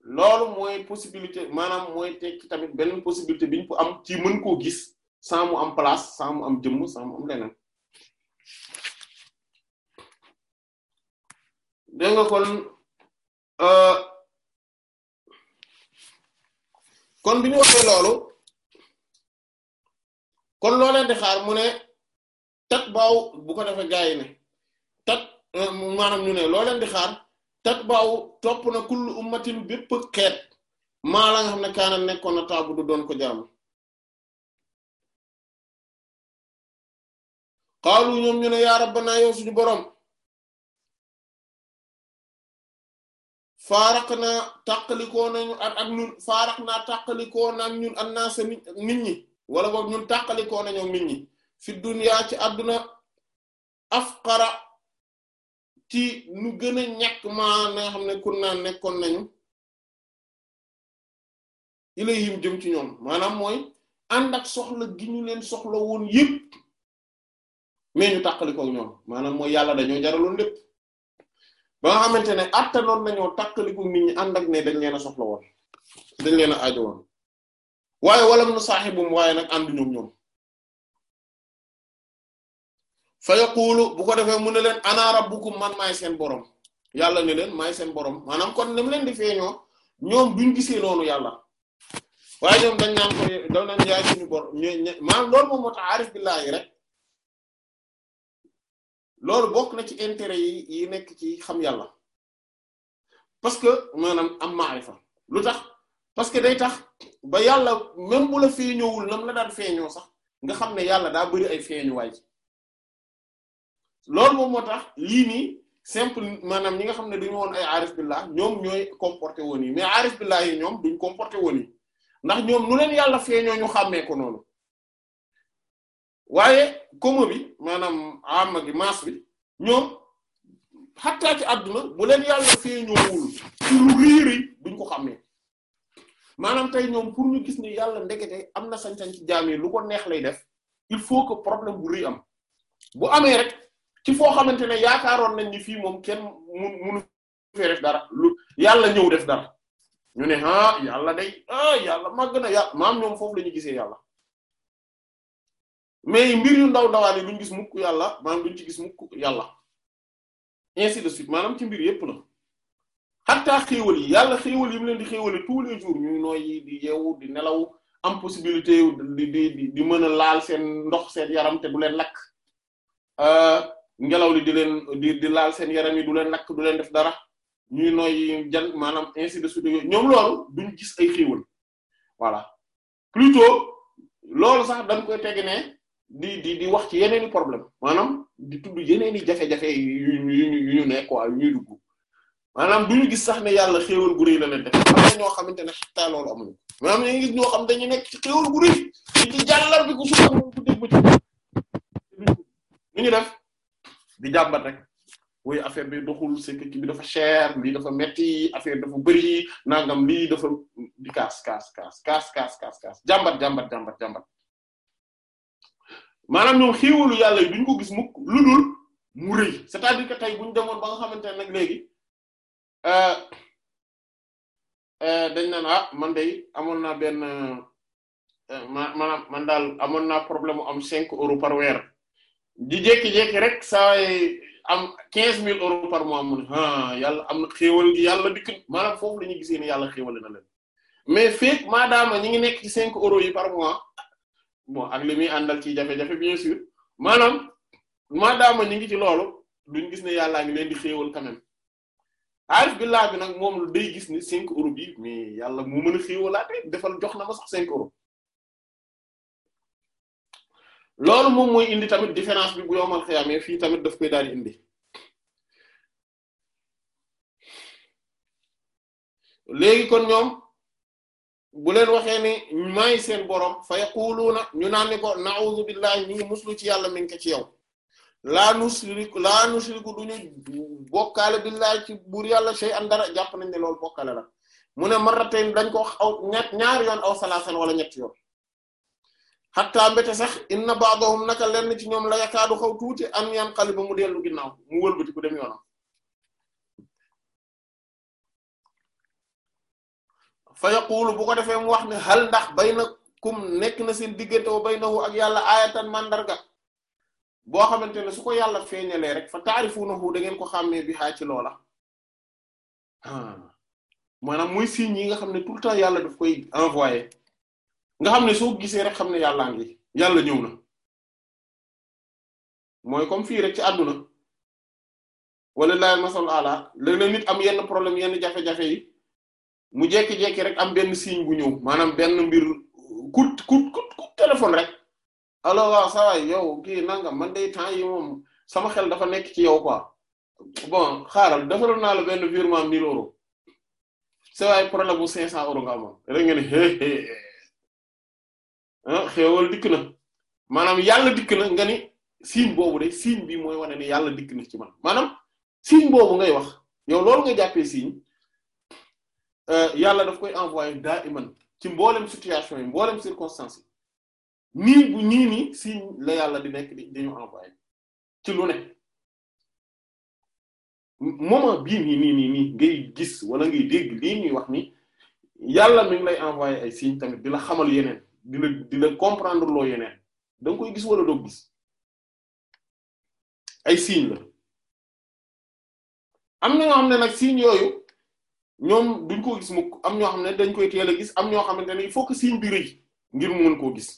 loolu mooy possibilité maanaam mooy tekki tamit beneen possibilité biñ ñu am ci mën koo gis sans am place sans mu am jëmm sans mu am leneen dégg nga kon. Euh, kon bi ñu waxee kon loo leen di mu ne tat baaw bu ko defee gaa yi ne tat euh, maanaam ñu ne loo leen di xaar tat baaw topp na kul ummatin bépp xeet maa la nga xam ne kaana nekkoon na taabu du doon ko jaamu xaalu ñoom ñu ne yaa rabbanaa yow suñu boroom faaraq naa tàqalikoo nañu ak ak ñun faaraq naa tàqalikoo naak ñun an naasa nit ñi wala boog ñun tàqalikoo nañu nit ñi fi duniyaa ci àdduna afqara ci nu gën a ñàkk maa na xam ne kun naa nekkoon nañu ilayhim jëm ci ñoom maanaam mooy ànd ak soxla gi leen soxla woon yépp mais ñu tàqalikoo ñoom maanaam mooy yàlla dañoo jaraloon lépp ba nga xamante ne atta attanoon nañoo tàqaliku nit ñi ànd ak ne dañ leen a soxla woon dañ leen a aajo woon waaye walam nu saaxibum waaye nag ànduñu ñoom fa yaqulu bu ko defee mu ne leen anaara rabbukum man maay seen borom yàlla ne leen may seen borom maanaam kon ni leen di feeñoo ñoom duñ gisee noonu yàlla waaye ñoom dañ naan ko dañ naan yaay suñu bor moom moo tax aarif billaahi rek. loolu bokk na ci intérêt yi yi nekk ci xam yàlla parce que maanaam am fa lu tax parce que day tax ba yàlla même bu la feeñoowul nam la daal feeñoo sax nga xam ne yàlla daa bari ay feeñuwaay loolu moom moo tax lii nii simple maanaam ñi nga xam ne duñu woon ay aarif billah ñoom ñooy comporté woon yi mais aarif billah yi ñoom duñ comporté woon yi ndax ñoom nu leen yàlla feeñoo ñu xàmmee noonu waaye commun bi maanaam amma gi maas bi ñoom xattaa ci àdduna bu leen yàlla feeñoowul ci lu riiri duñ ko xam ne maanaam tey ñoom pour ñu gis ni yàlla ndekete am na sañ-sañ ci jaam lu ko neex lay def il faut que problème bu rëy am bu amee rek ci foo xamante ne yaakaaroon nañ ni fii moom kenn mun munu fee def dara lu yàlla ñëw def dara ñu ne ah yàlla day ah yàlla màgg na yàlla maam ñoom foofu la ñu gisee yàlla mais mbir yu ndaw ndawaan yi ñu gis mukk yàlla maanaam duñ ci gis mukk yàlla ainsi de suite maanaam ci mbir yépp na xataa xéewal yi yàlla xéewal yi mu leen di xéewale tous les jours ñuy nooy di yeewu di nelaw am possibilité di di di mën a laal seen ndox seen yaram te du leen lakk euh, ngelaw li di leen di di laal seen yaram yi du leen lakk du leen def dara ñuy nooy jan maanaam ainsi de suite yooyu ñoom loolu duñ gis ay xéewal voilà plutôt loolu teg di di di wax ci yeneen i problème maanaam di tudd yeneen i jafe-jafe yu ñu yu ñu nekk quoi yu ñuy dugg maanaam du ñu gis sax ne yàlla xéewal gu rëy la leen def am ñoo xamante ne xataa loolu amuñu maanaam ñu ngi ñoo xam dañu nekk ci xéewal gu rëy di ñu def di jàmbat rek woy affaire bi doxul c'est que bi dafa cher lii dafa metti affaire dafa bëri nangam lii dafa di kaas kaas kaas kaas kaas kaas jàmbat jàmbat jàmbat jàmbat maanaam ñoom xéewalu yàlla yi duñ ko gis mukk lu dul mu rëy c'est-à-dire que tey bu ñu demoon ba nga xamante ne nag léegi euh, euh, dañ naan ah man de amoon naa benn euh, maanaam man daal amoon naa problème mu am cinq euros par weer di jékki-jékki rek saa am quinze mille euros par mois mu ne ah yàlla am na xéewal yàlla dikk maanaam foofu la ñuy gisee ni yàlla xéewal na leen mais fekk maadaama ñi nekk ci cinq euros yi par mois. bon ak li muy àndal ci jafe-jafe bien sûr maanaam maadaama ñu ngi ci loolu duñ gis ne yàllaa ngi leen di xéewal quand même aarif billah bi nag moom day gis ne cinq euros bi mais yàlla mu mën a xéewalaate defal jox na ma sax cinq euros loolu moom mooy indi tamit différence bi bu yomal xiyaamee fii tamit daf koy daal indi léegi kon ñoom bu leen waxee ne maay seen boroom fa yaquluuna ñu naan ni ko na'udhu billahi ñu ngi muslu ci yàlla mi ngi ko ci yow laa nushriku laa nushriku duñu bokkaale billahi ci buur yàlla shay'an dara jàpp nañ ne loolu la mu ne marratayn dañ ko wax aw ñett ñaari yoon aw salaasan wala ñett yoon xattaa mbete sax inna ba'dahum naka lenn ci ñoom la yakaadu xaw tuuti an yanqalibu mu dellu ginnaaw mu wëlbati ku dem yoonam fa yaqulu bu ko defee mu wax ne hal ndax bay na baynakum nekk na seen diggante wa baynahu ak yàlla aayatan mandarga boo xamante ne su ko yàlla feeñalee rek fa taarifunahu da ngeen ko xàmmee bi xaa ci loola ah. maanaam muy signes yi nga xam ne tout le temps yàlla daf koy envoyé nga xam ne soo gisee rek xam ne yàlla ngi yàlla ñëw na mooy comme fii rek ci àdduna wala laay masal ala léeg-léeg nit am yenn problème yenn jafe-jafe yi mu jekki-jekki rek am benn signe bu ñëw maanaam benn mbir ku ku ku téléphone rek allo waaw ça va yow kii nangam man day temps yi moom sama xel dafa nekk ci yow quoi bon xaaral defaloon naa la benn virement 1000 euros c'est waaye problème bu 500 euros nga amoon rek nga ne hee ah xéewal dikk na maanaam yàlla dikk na nga ni signe boobu de signe bi mooy wane ne yàlla dikk na ci man maanaam signe boobu ngay wax yow loolu nga jàppee signe. Euh, yàlla daf koy envoyé daa iman ci mboolem situation yi mboolem circonstance yi nii bu nii nii si la yàlla di nekk di di ñu ci lu ne moment bii nii nii nii ngay gis wala ngay dégg lii ñuy wax ni yàlla mi lay envoyer ay signes tamit di la xamal yeneen di la di la comprendre loo yeneen da koy gis wala doo gis ay signes la am na ñoo xam ne nag signes yooyu. ñoom duñ ko gis mukk am ñoo xam ne dañ koy teel a gis am ñoo xamante ne il faut que signe bi rëy ngir mu ko koo gis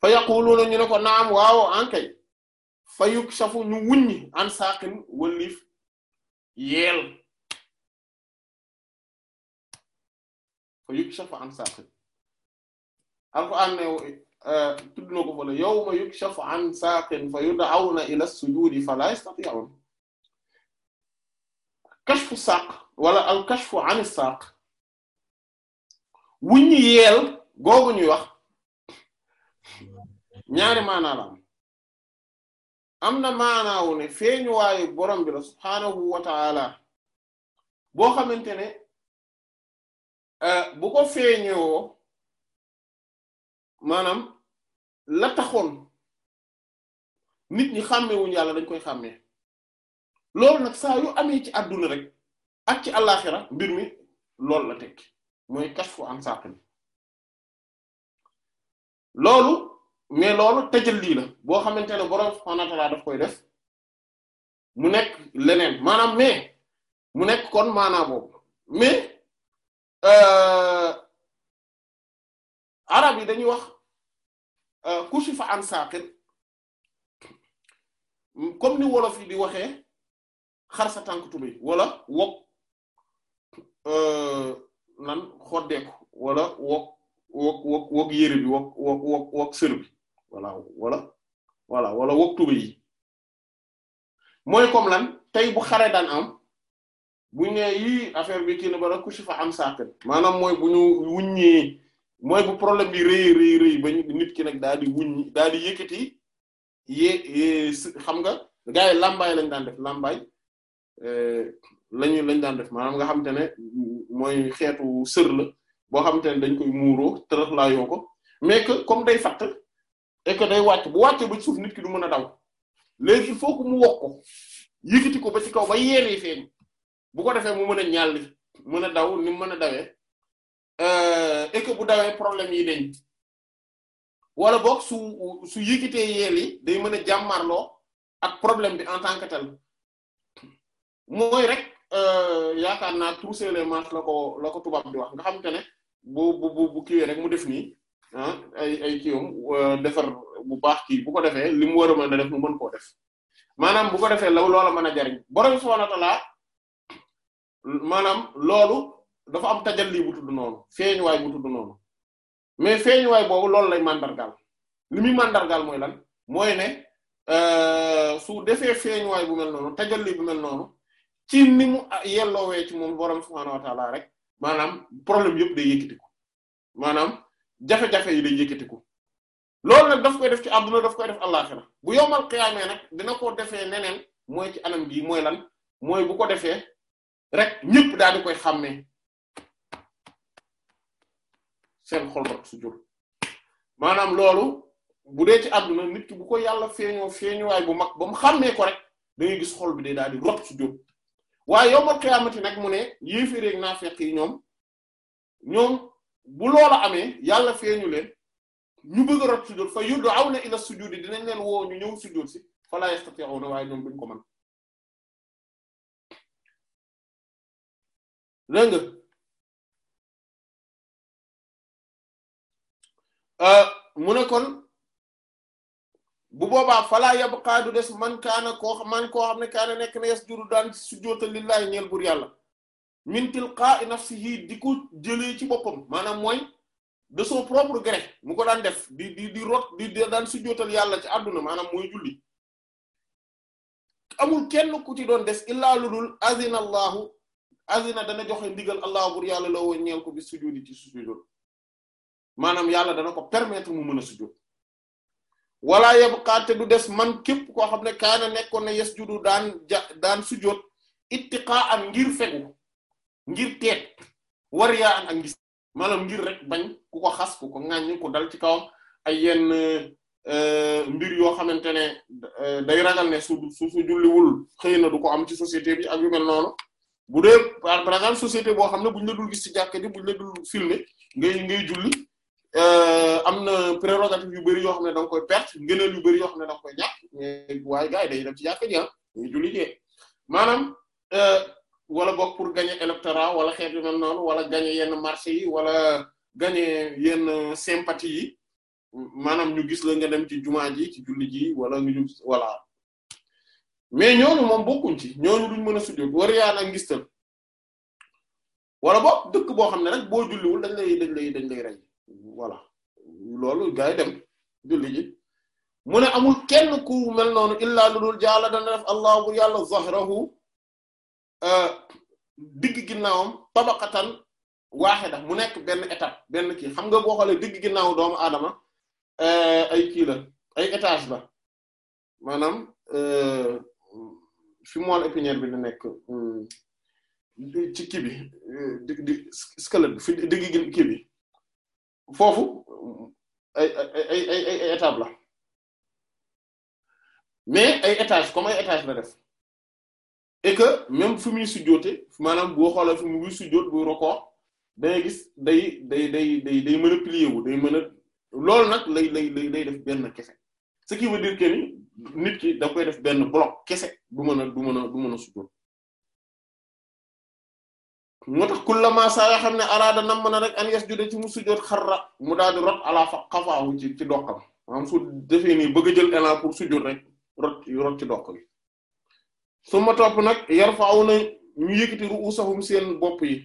fa yaquluna ñu ne ko naam waaw ankay fa yukshafu ñu wuññi an saqin wallif yeel fa yukshafu an saqin alquran ne euh, ko fa la yawma yukshafu an saqin fa yud'awna ila as-sujudi fala wala al kashfu an saq wuñ ñu yeel googu ñuy wax ñaari maanaa la am am na maanaawu ne feeñu waayu borom taala boo xamante ne euh, bu ko feeñoo maanaam la taxoon nit ñi xàmmewuñu yàlla dañ koy xàmmee loolu nag saa yu amee ci àdduna rek ak ci àllaaxira mbir mi loolu la tekki mooy kashfu an saq bi loolu mais loolu tajalli la boo xamante ne borom subhaanahu wa daf koy def mu nekk leneen maanaam mais mu nekk kon maanaam boobu mais euh, arab yi dañuy wax euh, kushifa an saqin comme ni wolof yi di waxee xar sa tànk tubéy wala wok nan euh, xoddeeku wala wok wok wok wok yére bi wok wok bi voilà wala wala wok tube yi mooy comme lan tey bu xare daan am buñ ne yii affaire bi kii na bara ku fa am saakal maanaam mooy bu ñu wuññee mooy bu problème bi rëy rëy rëy ba nit ki nag daal di wuññi daal di yëkkati xam nga gars yi lambaay lañ daan def lambaay euh, lañu lañ daan def maanaam nga xamante ne mooy xeetu sër la boo xamante ne dañ koy muuroo tërëx laa yoo ko mais que comme day fatt et que day wàcc bu wàccee ba suuf nit ki du mën a daw léegi il faut que mu wokk ko yëkkati ko ba ci kaw ba yéene feeñ bu ko defee mu mën a ñàlli mën a daw ni mën a dawee euh, et que bu dawee problème yi dañ wala boog su su yëkkitee yeel yi day mën a jàmmarloo ak problème bi en tant que tel mooy rek. Euh, yaakaar naa trousser les manches la ko la ko tubaab di wax nga xam te ne bu bu bu kiiwee rek mu def nii ah, ay ay kiiwam euh, defar bu baax kii bu ko defee li mu war a mën a def mu mën ko def maanaam bu ko defee law loola mën a jariñ borom subhaanahu wa ta'aala maanaam loolu dafa am tajalli bu tudd noonu feeñuwaay bu tudd noonu mais feeñuwaay boobu loolu lay màndargaal li muy màndargaal mooy lan mooy ne euh, su defee feeñuwaay bu mel noonu tajalli bu mel noonu. ci ni mu yelloowee ci moom borom subhaanahu wa ta'aala rek maanaam problème yëpp day yëkkatiku maanaam jafe-jafe yi day yëkkatiku loolu nag daf koy def ci àdduna daf koy def àllaxira bu yowmal qiyaamee nag dina ko defee neneen mooy ci anam gi mooy lan mooy bu ko defee rek ñëpp daal di koy xàmmee seen xol rek su maanaam loolu bu dee ci àdduna nit ki bu ko yàlla feeñoo feeñuwaay bu mag ba mu xàmmee ko rek da ngay gis xol bi day daal di rot su waaye yowmal qiyaamati nag mu ne yéeféer ak naafeq yi ñoom ñoom bu loola amee yàlla feeñu leen ñu bëgg a rot sujjóot na yud'awna ila sujjóot yi dinañ leen woo ñu ñëw sujjóot si fa laa yastati'una waaye ñoom duñ ko mën dégg euh, mu ne kon bu boobaa falaa yabqaa du des man kaana koo man koo xam ne kaana nekk na yasjudu daan sujjóotal lillaahi ñeel bur yàlla min tilqaa'i nafsihi di ko jëlee ci boppam maanaam mooy de son propre gré mu ko daan def di di di rot di daan sujjóotal yàlla ci àdduna maanaam mooy julli amul kenn ku ci doon des illaa lu dul azina allahu azina dana joxe ndigal allahu bur yàlla la woo ñeel ko bi sujjóoti ci sujjóot maanaam yàlla dana ko permettre mu mën a sujjóot wala yabqa te du des man képp koo xam ne kaana nekkoon na yasjudu daan ja daan sujjóot ittiqaan ngir fegu ngir teet war an ak ngis maanaam ngir rek bañ ku ko xas ko ŋàññ ku dal ci kawam ay yenn euh, mbir yoo xamante ne euh, day ragal ne su su su julliwul xëy na du ko am ci société bi ak yu mel noonu bu dee par exemple société boo xam ne buñ la dul gis ci jàkka ji buñ la dul filmer ngay ngay julli Euh, am na prérogative yu bëri yoo xam ne da nga koy perte ngëneel yu bëri yoo xam ne da nga koy ñàkk mais waaye yi day dem ci jàkka ji ah ñu julli maanaam euh, wala bokk pour gagner électorat wala xeet yu mel noonu wala gagner yenn marché yi wala gagner yenn sympathie yi maanaam ñu gis la nga dem ci jumaa ji ci julli ji wala nga ñu voilà mais ñooñu moom bokkuñ ci ñooñu duñ mën a sujjóot war yaa ngistal wala boog dëkk boo xam ne rek boo julliwul dañ lay dañ lay dañ lay rey voilà loolu gars yi dem julli ji mu ne amul kenn ku mel noonu illaa lu dul jaala dana def allahu yàlla zahrahu euh, digg ginnaawam tabaqatan waaxida mu nekk benn état benn kii xam nga boo xoolee digg ginnaaw doomu aadama euh, ay kii ay étage la maanaam euh, fi moelle épinière bi di nekk hmm, ci kii bi di di squelette digg kii bi foofu ay ay ay ay la mais ay étage comme ay étage la def et que même fu muy sujoote maanaam boo xoolee fu muy sujoot buy record day gis day day day day day mën a plier wu day mën a loolu nag lay lay lay lay def benn kese ce qui veut dire ni nit ki da koy def benn bloc kese du mën a du mën a du mën a moo tax kullama saa yoo xam ne araada namm na rek an yasjuda ci mu sujjóot xarra mu daal di rot ala fa xafaahu ci ci doqam maanaam su defee nii bëgg a jël élan pour sujjóot rek rot ci doq bi su ma topp nag yarfaaw na ñu yëkkati ruusahum seen bopp yi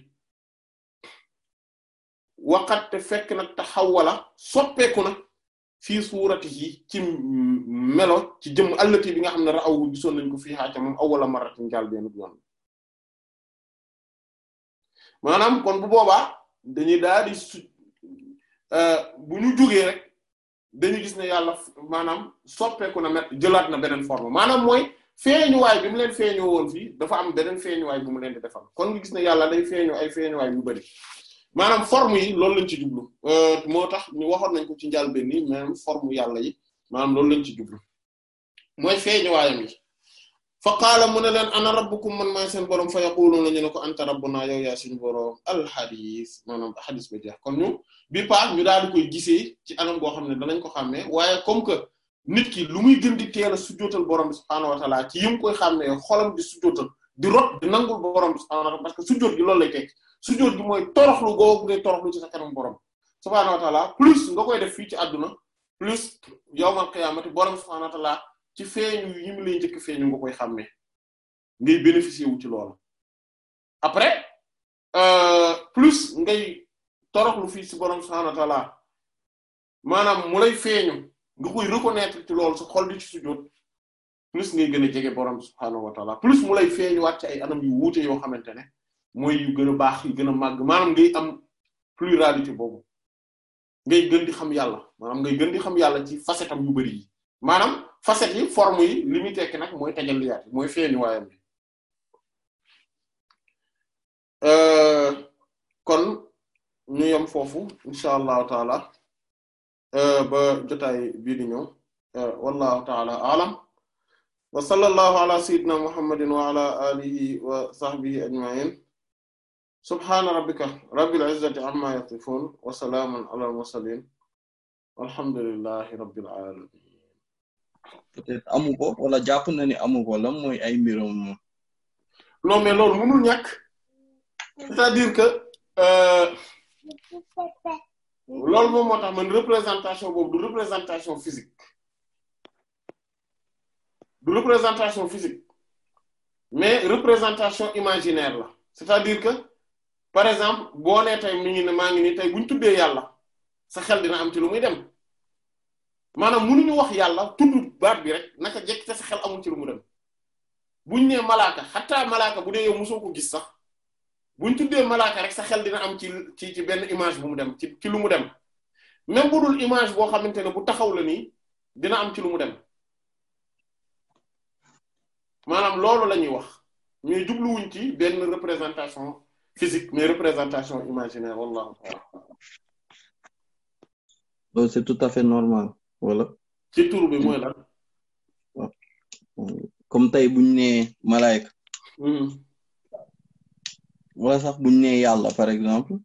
waqat te fekk nag taxawala soppeeku na fii suuratihi ci melo ci jëm allati bi nga xam ne aw gisoon nañ ko fii xaaca moom awwala marratin jaal benn yoon maanaam kon bu boobaa dañuy daal di su euh, bu ñu jugee rek dañuy gis ne yàlla maanaam soppeeku na met jëlaat na beneen forme maanaam mooy feeñuwaay bi mu leen feeñoo woon fii dafa am beneen feeñuwaay bu mu leen di defal kon nga gis ne yàlla day feeñoo ay feeñuwaay yu bari maanaam forme yi loolu lañ ci jublu euh, moo tax ñu waxoon nañ ko ci njàlbéen ni même forme yàlla yi maanaam loolu lañ ci jublu mooy feeñuwaayam yi fa qaala mu ne leen ana rabbukum man maay seen borom fa yaquluuna ñu ne ko anta rabbuna yow yaa suñu borom alxadis maanaam xadis ba jeex kon ñu bi paax ñu daal xam ne danañ ko xàmmee di teel a sujootal di rot di nangul borom bi subhaanahu wa taala que sujoot gi gi mooy toroxlu googu ngay toroxlu ci sa kanam borom subhaanahu plus nga koy def fii àdduna plus yawmal qiyaamati borom subhaanahu wa taala ci feeñu yi mu lay njëkk feeñu nga koy xàmmee ngay bénéficier wu ci loolu après euh, plus ngay toroxlu fii si borom subhaanahu wa maanaam mu lay feeñu nga koy reconnaître ci loolu sa xol di ci sujjóot plus ngay gën a jege borom subhaanahu wa ta'ala plus mu lay feeñuwaat ci ay anam yu wuute yoo xamante ne mooy yu gën a baax yu gën a màgg maanaam ngay am pluralité boobu ngay gën di xam yàlla maanaam ngay gën di xam yàlla ci facette am yu bari yi maanaam. facettes yi forme yi li muy tekki nag mooy tajalliyaat yi mooy feeñu waayam bi euh, kon ñu yem foofu incha allahu taala euh, ba jotaay bii di euh, taala alam wa sallallahu ala sayyidina muhammadin wa wa sahbihi ajma'in subhana rabbika rabbil izzati amma yasifun ala al mursalin walhamdulillahi alamin peut amu ko wala jàpp na ni amu ko lan mooy ay mbiram. non mais loolu mënul ñàkk c'est-à-dire que euh, loolu moom moo tax man représentation boobu du représentation physique du représentation physique mais représentation imaginaire la c'est-à-dire que par exemple boo nee tey mi ngi ne maa ngi nii tey bu ñu yàlla sa xel dina am ci lu muy dem maanaam mënuñu wax yàlla tudd baat bi rek naka jekk te sa xel amul ci lu mu dem buñ nee malaaka xataa malaaka bu dee yow mosoo ko gis sax buñ tuddee malaaka rek sax xel dina am ci ci ci benn image mu dem ci ci lu mu dem même bu boo xamante ne bu taxaw la nii dina am ci lu dem maanaam loolu la ñuy wax mais jubluwuñ ci benn représentation physique mais représentation imaginaire wallahu ta'ala loolu c'est tout à fait normal wala ci tur bi mooy lan. comme tey buñ nee malaayka hmm. wala sax buñ nee yàlla par exemple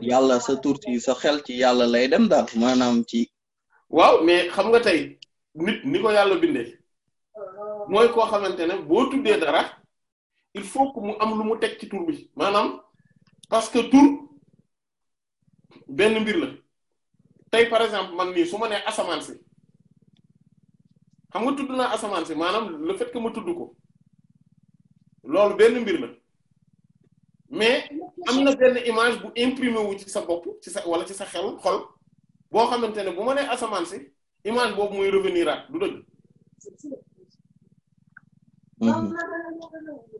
yàlla sa tur ci sa xel ci yàlla lay dem daal maanaam ci waaw mais xam nga tey nit ni ko yàlla bindee mooy koo xamante ne boo tuddee dara il faut que am lu mu teg ci tur bi maanaam parce que tur benn mbir la tey par exemple man nii su ma nee asamaan xam nga tudd na asamaan si maanaam le fait que ma tudd ko loolu benn mbir la mais am na benn image bu imprimé wu ci sa bopp ci sa wala ci sa xel xol boo xamante ne bu ma nee asamaan si image boobu muy revenir at du dëgg mhm.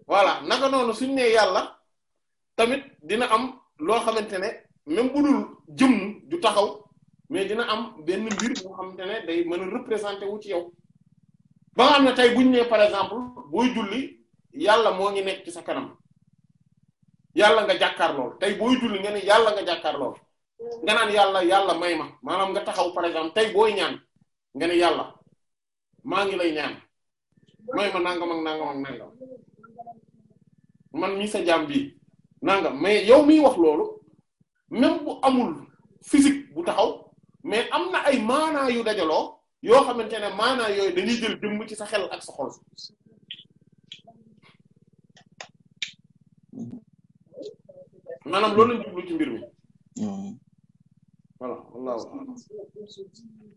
voilà naka suñ nee yàlla tamit dina am loo xamante ne même bu dul jëm ju taxaw mais dina am benn mbir boo xamante ne day mën a représenter wu ci yow ba nga xam na tey bu ñu nee par exemple booy julli yàlla moo ngi nekk ci sa kanam yàlla nga jàkkaar lool tey booy julli nga ne yàlla nga jàkkaar lool nga naan yàlla yàlla may ma maanaam nga taxaw par exemple tey booy ñaan nga ne yàlla maa ngi lay ñaan may ma nangam ak nangam ak man mi sa jaam bii nangam mais yow miy wax loolu même bu amul physique bu taxaw mais am na ay maanaa yu dajaloo yoo xamante ne maanaa yooyu dañuy jël jëmm ci sa xel ak sa xol maanaam loolu lañ jublu ci mbir mi mm. voilà wallahu